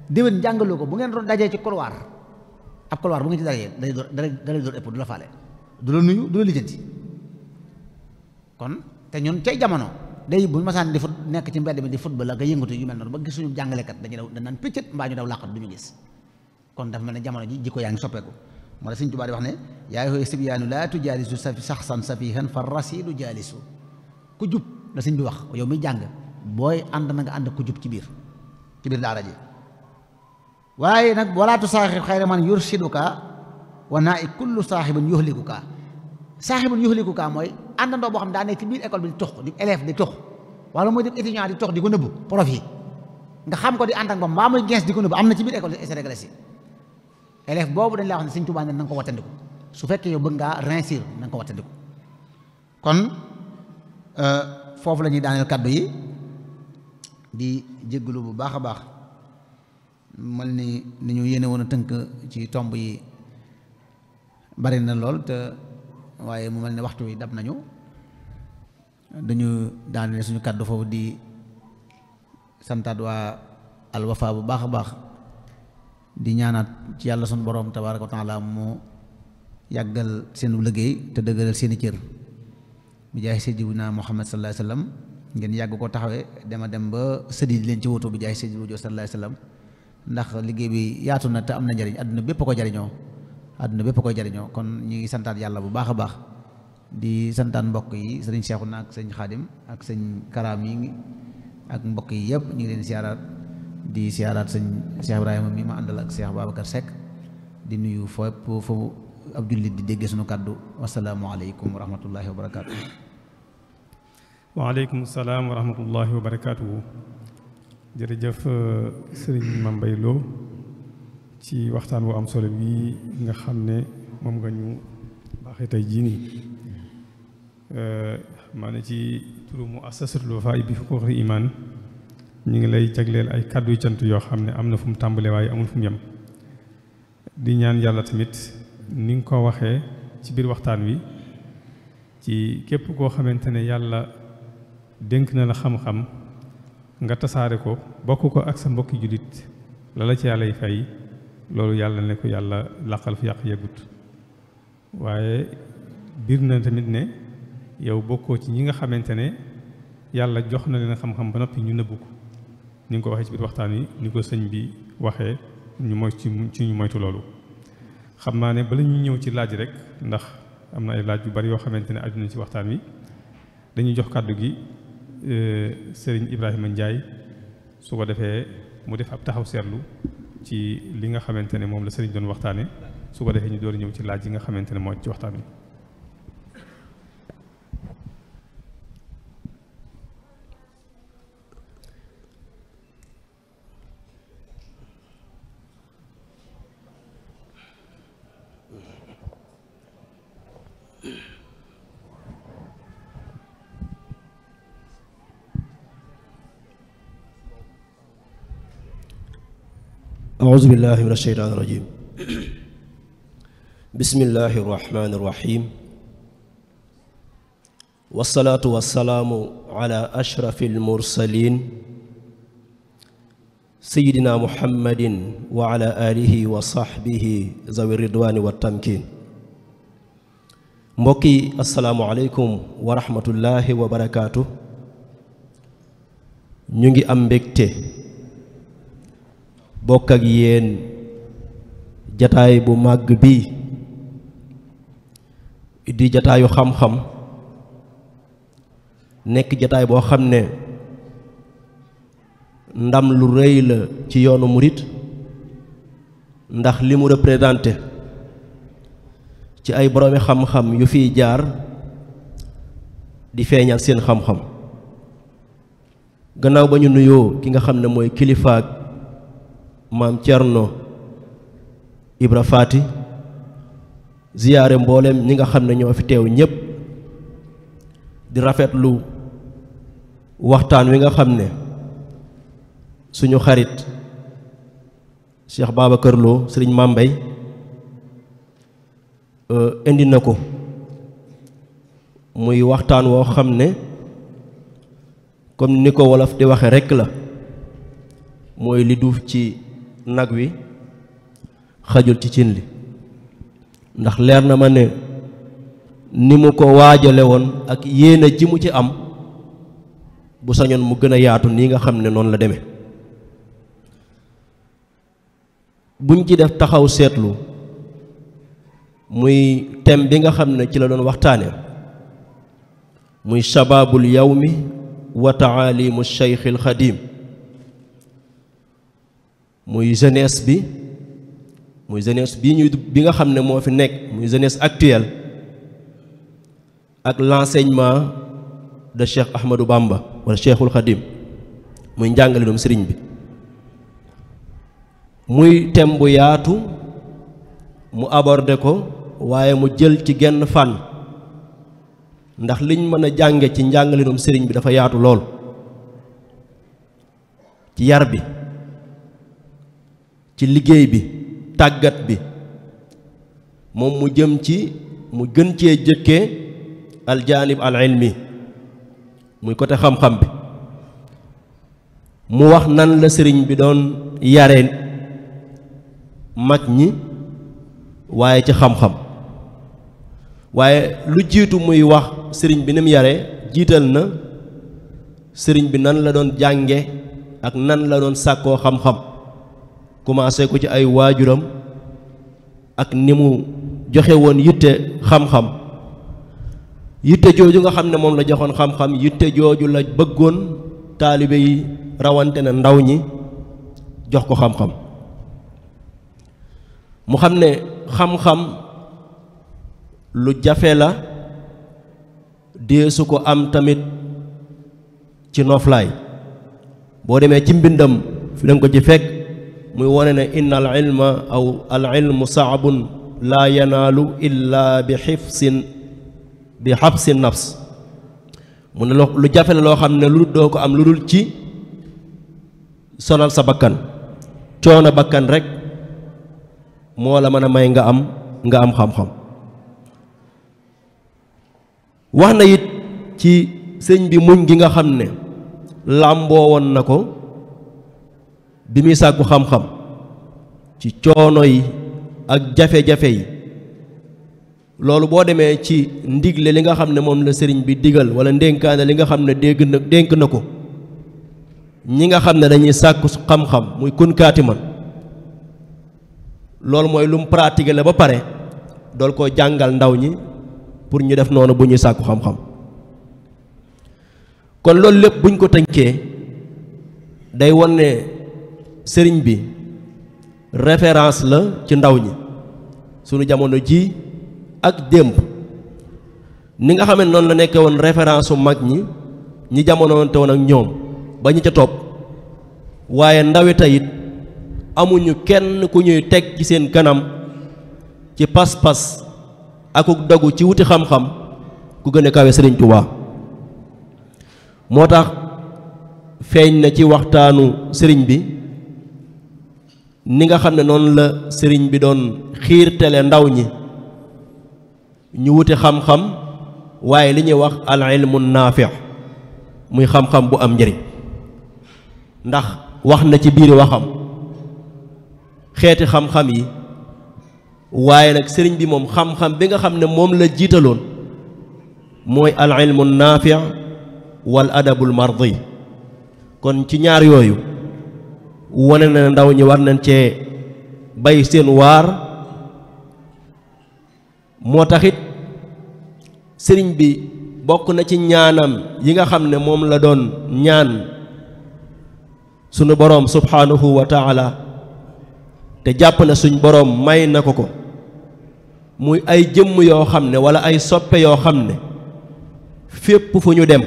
déwén jàngaloo ko bu ngeen doon dajee ci couloir ab couloir bu ngeen ci dajee dalay door dalay door ëpp du la faale du la nuyu du la lijjanti kon te ñun cay jamono day bu ñu masaan di fut nekk ci mbedd mi di football ka yëngatu yu mel noonu ba gisuñu jàngalekat dañu daw danaan pëccët mbaa ñu daw làqat du gis kon dafa mel ne jamono ji jikko yaa ngi soppeeku moo tax Sëriñ Tuubaa di wax ne yaa ayyuha sibyaanu laa tujaalisu saxsan safiihan fa rasiidu jaalisu ku la sëñ bi wax yow mi jàng booy ànd na nga ànd ku jub ci biir ci biir daara ji waaye nag walaa tusaaxib xayra man yursiduka wa naa i kullu saaxibin yuhlikuka saaxibul yuxliku kaa mooy àndandoo boo xam daa ne ci biir école bi di tox di élève di tox wala mooy def étudiant di tox di ko nëbbu prof yi nga xam ko di ànd ak moom mbaa muy gens di ko nëbbu am na ci biir école sénégalais yi élève boobu dañ laa wax ne sëñ Tuubaa ne na nga ko wattandiku su fekkee yow bëgg ngaa rincir na nga ko wattandiku kon euh, foofu la ñuy daaneel kàddu yi di jégalu bu baax a baax mal ni ni ñu yéene woon a tënk ci tomb yi na lool waaye mu mel ne waxtu wi dab nañu dañu daanale suñu kàddu foofu di santaat waa Al bu baax a baax di ñaanaat ci yàlla suñu borom tabaaraka wa taala mu yàggal seenu liggéey te dëgëral seeni cër bi jaay sayyidina Muhammad sallallahu alayhi wa sallam ngeen yàgg ko taxawee dema dem ba sëdi leen ci wutu bi jaay sayyidina sallallahu alayhi wa sallam ndax liggéey bi yaatu na te am na njariñ àdduna bépp ko jariñoo àdduna bépp koy jariñoo kon ñu ngi santaat yàlla bu baax a baax di santaan mbokk yi sëriñ Seexuna ak sëñ Xaadim ak sëñ Karaam yi ak mbokk yi yëpp ñu ngi leen siyaaraat di siyaaraat sëñ Cheikh Ibrahima mi ma àndal ak Cheikh Babacar Seck di nuyu fépp foofu ab jullit di dégge suñu kàddu wasalaamualeykum wa rahmatullahi wa barakaatu. waaleykum salaam wa wa barakaatu. jërëjëf sëriñ Mame Mbaye Lo ci waxtaan wu am solo bi nga xam ne moom nga ñu baaxee tey jii nii eh, maa ne ci turu mu asasatul Wafa bi xuquuqil iman ñu ngi lay jagleel ay kàdduy yu yoo xam ne am na fu mu tàmbalee waaye amul fu mu di ñaan yàlla tamit ni nga ko waxee ci biir waxtaan wi ci képp koo xamante ne yàlla dénk na la xam-xam nga tasaare ko bokk ko ak sa mbokki jullit la ci yàllay yi fay loolu yàlla ne ko yàlla làqal fi yàq yeggut waaye biir na tamit ne yow bokkoo ci ñi nga xamante ne yàlla jox na leen xam-xam ba noppi ñu nëbbu ko ni nga ko waxee ci biir waxtaan wi ni ko sëñ bi waxee ñu moy ci ñu moytu loolu. xam naa ne bala ñu ñëw ci laaj rek ndax am na ay laaj yu bari yoo xamante ne aju ci waxtaan wi dañuy jox kàddu gi euh, Serigne Ibrahima njaay su ko defee mu def ab taxaw seetlu. ci li nga xamante ne moom la seen doon waxtaane su ko defee ñu door ñëw ci laaj yi nga xamante ne moo ci waxtaan wi أعوذ بالله من الشيطان الرجيم بسم الله الرحمن الرحيم والصلاة والسلام على أشرف المرسلين سيدنا محمد وعلى آله وصحبه ذوي الرضوان والتمكين مبكي السلام عليكم ورحمة الله وبركاته نيجي أمبكتي bokk ak yéen jataay bu màgg bii di jataayu xam-xam nekk jataay boo xam ne ndam lu rëy la ci yoonu murit ndax li mu représenté ci ay boroomi xam-xam yu fiy jaar di feeñal seen xam-xam gannaaw ba ñu nuyoo ki nga xam ne mooy kilifaak maam Cerno Ibra Faati ziyaare mboolem ñi nga xam ne ñoo fi teew ñépp di rafetlu waxtaan wi nga xam ne suñu xarit Cheikh Babacar Lo sëriñ Mame Mbaye euh, indi na ko muy waxtaan woo xam ne kon ni ko wolof di waxe rekk la mooy li ci nag wi xajul ci cin li ndax leer na ma ne ni mu ko waajale woon ak yéene ji mu ci am bu sañoon mu gën a yaatu nii nga xam ne noonu la demee buñ ci def taxaw seetlu muy thème bi nga xam ne ci la doon waxtaanee muy shabaabul yawmi wa taalimu sheykhil xadim muy jeunesse bi muy jeunesse bi ñuy bi nga xam ne moo fi nekk muy jeunesse actuelle ak l'enseignement de Cheikh Ahmadou Bamba wala Cheikhul Khadim muy njàngale sëriñ bi muy thème bu yaatu mu aborder ko waaye mu jël ci genn fànn ndax liñ mën a jànge ci njàngale sëriñ bi dafa yaatu lool ci yar bi ci liggéey bi tàggat bi moom mu jëm ci mu gën cee jëkkee aljaanib al ilmi muy côté xam-xam bi mu wax nan la sëriñ bi doon yare mag ñi waaye ci xam-xam waaye lu jiitu muy wax sëriñ bi ni yare jiital na sëriñ bi nan la doon jànge ak nan la doon sàkkoo xam-xam commencé ko ci ay waajuram ak ni mu joxe woon yitte xam-xam yitte jooju nga xam ne moom la joxoon xam-xam yitte jooju la bëggoon taalibe yi rawante na ndaw ñi jox ko xam-xam mu xam ne xam-xam lu jafe la deesu ko am tamit ci noflaay boo demee ci mbindam fi ko ci fekk muy wone ne inn al ilma aw al ilmu saabun laa yanaalu illa bi xifsin bi xabsi nafs mu ne lu jafe la loo xam ne lu doo ko am lu dul ci sonal sa bakkan coono bakkan rek moo la mën a may nga am nga am xam-xam wax na it ci sëñ bi muñ gi nga xam ne làmboo woon na ko bi muy sàkku xam-xam ci coono yi ak jafe-jafe yi loolu boo demee ci ndigg ndigle li nga xam ne moom la sëriñ bi digal wala ndénkaane li nga xam ne dégg na dénk na ko ñi nga xam ne dañuy sàkku xam-xam muy kunkaati man loolu mooy lum mu la ba pare dool koo jàngal ndaw ñi pour ñu def noonu bu ñuy sàkku xam-xam kon loolu lépp buñ ko tënkee day won sëriñ bi référence la ci ndaw ñi sunu jamono ji ak démb ni nga xam noonu la nekke woon référence su mag ñi ñi jamonoonte woon ak ñoom ba ñu ca topp waaye ndawe tayit amuñu kenn ku ñuy teg ci seen kanam ci pas-pas akuk dogu ci wuti xam-xam ku gën a kawe sëriñ Tuubaa moo tax feeñ na ci waxtaanu sëriñ bi ni nga xam ne noonu la sëriñ bi doon xiirtale ndaw ñi ñu wuti xam-xam waaye li ñuy wax al ilmu naafi muy xam-xam bu am njëriñ ndax wax na ci biir waxam xeeti xam-xam yi waaye nag sëriñ bi moom xam-xam bi nga xam ne moom la jiitaloon mooy al ilmu naafi wal adabul mardi kon ci ñaar yooyu wane na ndaw ñi war nañ cee bay seen waar moo taxit sëriñ bi bokk na ci ñaanam yi nga xam ne moom la doon ñaan sunu boroom subhaanahu wa taala te jàpp na suñ boroom may na ko ko muy ay jëmm yoo xam ne walla ay soppe yoo xam ne fépp fu ñu dem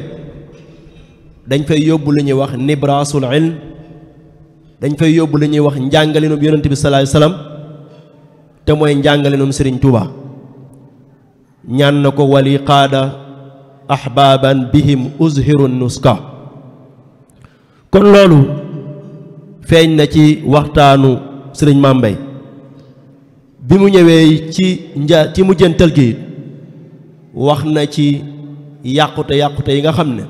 dañ fay yóbbu lu ñuy wax nibraasul ilm dañ fay yóbbu li ñuy wax njàngalenum yonent bi sallallahu te mooy njàngalenum Sëriñ Tuuba ñaan na ko wali qaada ahbaaban bihim uzhiru nuska kon loolu feeñ na ci waxtaanu Sëriñ Mambay bi mu ñëwee ci nja ci mujjantal gi wax na ci yàqute yàqute yi nga xam ne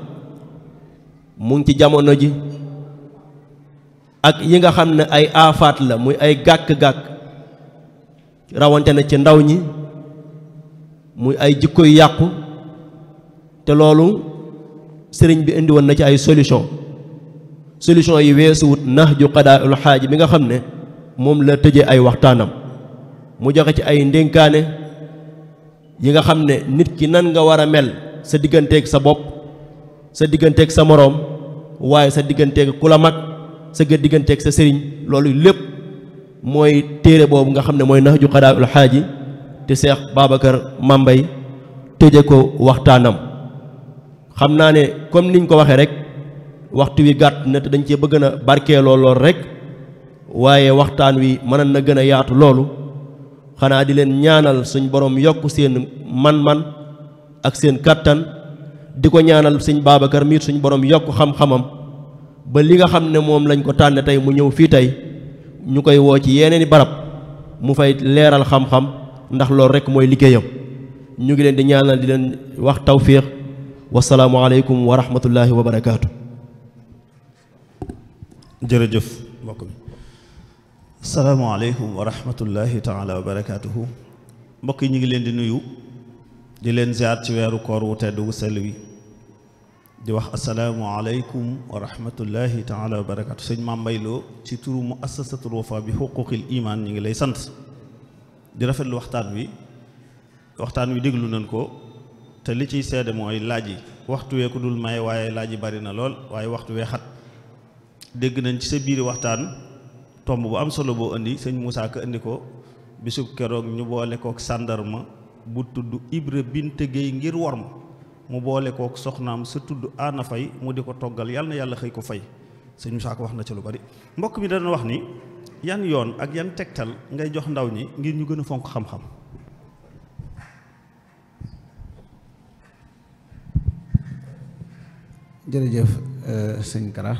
mu ngi ci jamono ji ak yi nga xam ne ay aafaat la muy ay gàkk-gàkk rawante na ci ndaw ñi muy ay jikko yu yàqu te loolu sëriñ bi indi woon na ci ay solution solution yi weesuwut nahju qadaa'ul xaaji bi nga xam ne moom la tëjee ay waxtaanam mu joxe ci ay ndénkaane yi nga xam ne nit ki nan nga war a mel sa digganteek sa bopp sa digganteek sa moroom waaye sa digganteeg ku la mag sa gë digganteeg sa sëriñ loolu lépp mooy téere boobu nga xam ne mooy nax ju xadaayul xaaji te seex Babacar Mambay tëje ko waxtaanam xam naa ne comme niñ ko waxee rek waxtu wi gàtt na te dañ cee bëgg a barkeeloo lool rek waaye waxtaan wi mën na gën a yaatu loolu xanaa di leen ñaanal suñ boroom yokk seen man-man ak seen kàttan di ko ñaanal suñ Babacar miit suñ borom yokk xam-xamam ba li nga xam ne moom lañ ko tànn tey mu ñëw fii tey ñu koy woo ci yeneeni barab mu fay leeral xam-xam ndax loolu rek mooy liggéeyam ñu ngi leen di ñaanal di leen wax tawfiq wasalaamu aleykum wa rahmatullahi wa barakaatu. jërëjëf mbokk mi salaamaaleykum wa rahmatullahi taala wa barakaatuhu mbokk yi ñu ngi leen di nuyu di leen ziar ci weeru koor wu tedd wu sell wi di wax asalaamualeykum wa rahmatullahi taala wa barakatu sëñ Mame ci turu mu assasatul wafa bi xuquqil iman ñu ngi lay sant di rafetlu waxtaan wi waxtaan wi déglu nañ ko te li ciy seede mooy laaj yi waxtu weeku ku dul may waaye laaj yi bari na lool waaye waxtu wee xat dégg nañ ci sa biir waxtaan tomb bu am solo boo indi sëñ Moussa Ka indi ko bisu keroog ñu boole kook sàndarma bu tudd Ibra Binte Gueye ngir worma mu boole kook soxnaam sa tudd aana fay mu di ko toggal yàlla na yàlla xëy ko fay sëñ Moussa wax na ci lu bari mbokk mi dana wax ni yan yoon ak yan tegtal ngay jox ndaw ñi ngir ñu gën a fonk xam-xam jërëjëf euh, sëñ Kara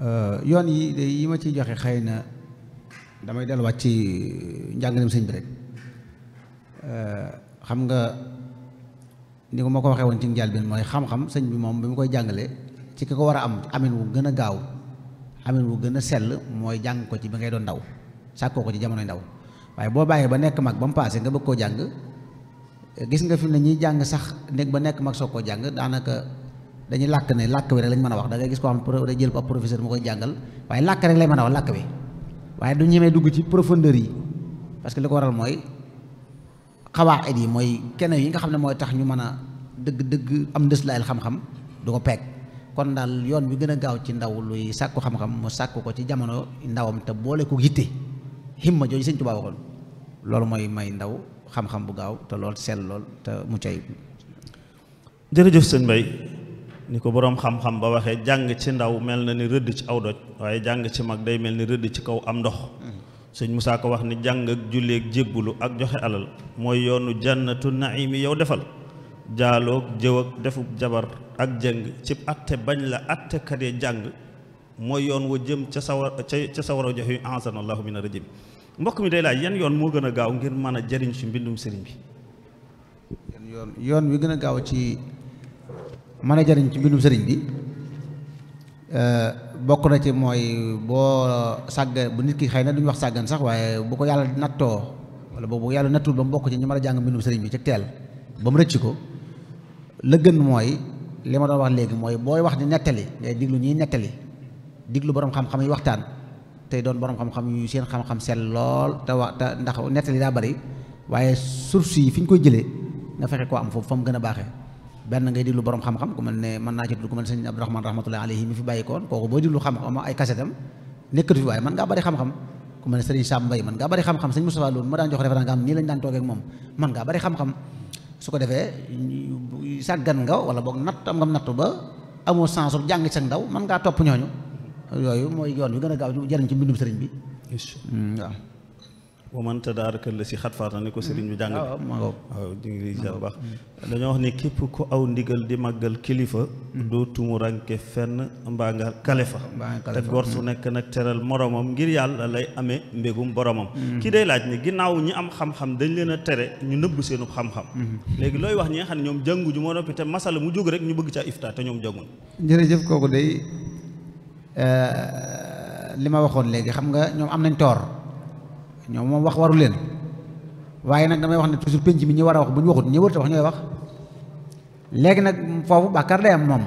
euh, yoon yi de yi ma ciy joxe xëy na damay delluwaat ci njàngaleem sëñ bi rek euh, xam nga ni ko ma ko waxee woon ci njaal bi mooy xam-xam sëñ bi moom bi mu koy jàngalee ci ki ko war a am amin wu gën a gaaw amin wu gën a sell mooy jàng ko ci bi ngay doon ndaw sàkkoo ko ci jamonoy ndaw waaye boo bàyyee ba nekk mag ba mu paase nga bëgg koo jàng gis nga fi mu ne ñuy jàng sax néeg ba nekk mag soo koo jàng daanaka dañu làkk ne làkk bi rek lañ mën a wax da ngay gis koo xam ne jël ko ab professeur mu koy jàngal waaye làkk rek lay mën a wax làkk bi waaye du ñemee yi parce que li ko mooy xawaa xawaaxit yi mooy kene yi nga xam ne mooy tax ñu mën a dëgg dëgg am ndëslaayal xam-xam du ko peeg kon daal yoon bi gën a gaaw ci ndaw luy sàkku xam-xam mu sàkku ko ci jamono ndawam te boole ko yitte himma jooju sëñ Tuubaa waxoon loolu mooy may ndaw xam-xam bu gaaw te lool sell lool te mu cay jërëjëf sëñ Mbay ni ko boroom xam-xam ba waxee jàng ci ndaw mel na ni rëdd ci aw doj waaye jàng ci mag day mel ni rëdd ci kaw am ndox sëñ Moussa ko wax ni jàng ak julleeg jébbulu ak joxe alal mooy yoonu jannatu naimi yow defal jaaloog jëw ak jabar ak jëng cib atte bañ la atte kadee jàng mooy yoon wa jëm ca sawar ca sawar a jox yu ansana allahu min rajim mbokk mi day laaj yan yoon moo gën a gaaw ngir mën a jariñ ci mbindum sëriñ bi yoon yoon wi gën a gaaw ci mën a jëriñ ci mbindum sëriñ bi euh, bokk na ci mooy boo sàgg bu nit ki xëy na duñu wax sàggan sax waaye bu ko yàlla nattoo wala boobu yàlla nattul ba mu bokk ci ñu ma a jàng mbindum sëriñ bi ci teel ba mu rëcc ko la gën mooy li ma doon wax léegi mooy booy wax di nettali ngay diglu ñuy nettali diglu borom xam-xam yi waxtaan tey doon borom xam-xam yu seen xam-xam sell lool te wax te ndax nettali daa bari waaye source yi fi ñu koy jëlee nga fexe koo am foofu fa mu gën a baaxee. benn ngay diglu borom xam-xam ku mel ne mën naa ci tudd ku mel ne sëñ Abdourahman rahmatullahi alayhi mi fi bàyyikoon kooku boo diglu xam-xam ay kasetam nekkatu fi waaye mën ngaa bari xam-xam ku mel ne sëriñ Sam Mbaye nga xam nii lañ xam-xam su ko defee sàggan nga wala boog natt am nga nattu ba amoo sens jàng ci ndaw man ngaa topp ñooñu yooyu mooy yoon wi gën a gaaw jëriñ ci mbindum sëriñ bi mm, waaw wa man tadaaraka la si xatfaata ni ko sëriñ bi jàng mm. waaw ñu ngi lay bu mm. dañoo wax ne képp ko aw ndigal di màggal kilifa mm. doo tumuranke fenn mbaa nga kale fa te gor su nekk nag teral moromam ngir yàlla lay ame mbégum boromam ki day laaj ne ginnaaw ñi am xam-xam dañ leen a tere ñu nëbb seenu xam-xam léegi looy wax ñi xam ne ñoom jànguñu moo noppi te masala mu jóg rek ñu bëgg ca ifta te ñoom jànguñ jëf kooku day eh, li ma waxoon léegi xam nga ñoom am nañ toor ñoom moom wax waru leen waaye nag damay wax ne toujours penc mi ñi war a wax bu ñu waxut ñi wërta wax ñooy wax léegi nag foofu bàkkaar day am moom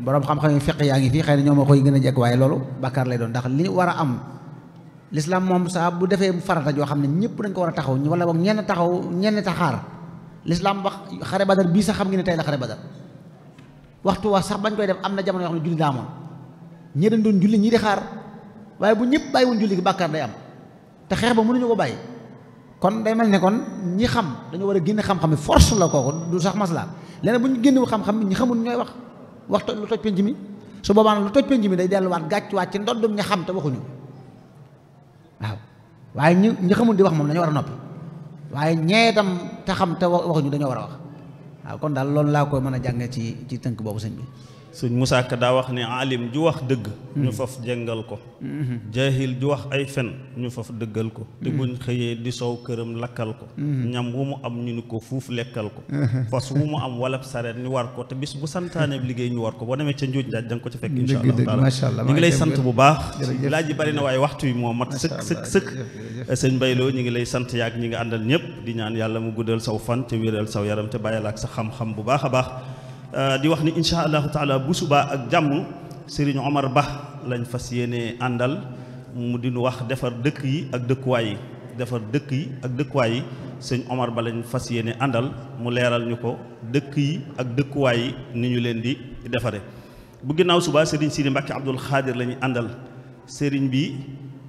boroom xam-xam yi fiq yaa ngi fii xëy na ñoo moo koy gën a jekk waaye loolu bàkkaar lay doon ndax li war a am lislaam moom saa bu defee farata joo xam ne ñëpp dañ ko war a taxaw wala boog ñenn taxaw ñenn xaar lislaam wax xare badar bii sax xam ngeen ne tey la xare badar waxtu waa sax bañ koy def am na jamono yoo ne julli daa amoon doon julli ñii di xaar waaye bu ñëpp bàyyiwoon julli gi bàkkaar day am te xeex ba mënuñu ko bàyyi kon day mel ne kon ñi xam dañu war a génne xam-xam force la kooku du sax maslaa leneen bu ñu génnewul xam-xam ñi xamul ñooy wax wax lu toj penc mi su boobaa nag lu toj penc mi day delluwaat gàccuwaat ci ndoddum ña xam te waxuñu waaw waaye ñu ñi xamul di wax moom dañu war a noppi waaye ñee itam te xam te waxuñu dañoo war a wax waaw kon daal loolu laa koy mën a jàngee ci ci tënk boobu sëñ bi suñ Musaa Ka daa wax ne alim ju wax dëgg ñu faf jëngal ko jaahil ju wax ay fen ñu faf dëggal ko te buñ xëyee di soow këram lakkal ko ñam wu mu am ñu ni ko fuuf lekkal ko fas wu mu am walab sareet ñu war ko te bis bu santaanee liggéey ñu war ko boo demee ca njuuj njaaj da ko ci fekk insha allah ma ngi lay sant bu baax laaj yi bari na waaye waxtu yi moo mat sëkk sëkk sëkk eh, sëñ Mbayloo ñu ngi lay sant yaag ñi nga àndal ñëpp di ñaan yàlla mu guddal saw fan te saw yaram te bàyyal ak sa xam bu baax a baax Euh, di wax ni incha allahu taala bu subaa ak jàmm Serigne Omar Ba lañu fas yéene àndal mu di dinu wax defar dëkk yi ak dëkkuwaay yi defar dëkk yi ak dëkkuwaay yi sëñ Omar Ba lañu fas yéene àndal mu leeral ñu ko dëkk yi ak dëkkuwaay yi ni ñu leen di defare bu ginnaaw subaa Serigne si Mbacke Abdoul Khadir la ñu àndal sëriñ bi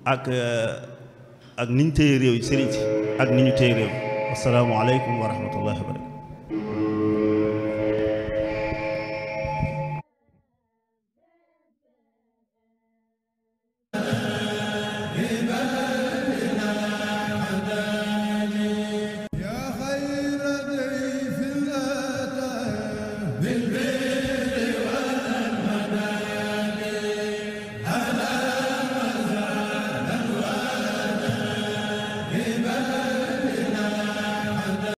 ak euh, ak ni ñu téye réew yi Serigne si ak ni ñu téye réew asalaamaaleykum wa rahmatullahi wa barakatu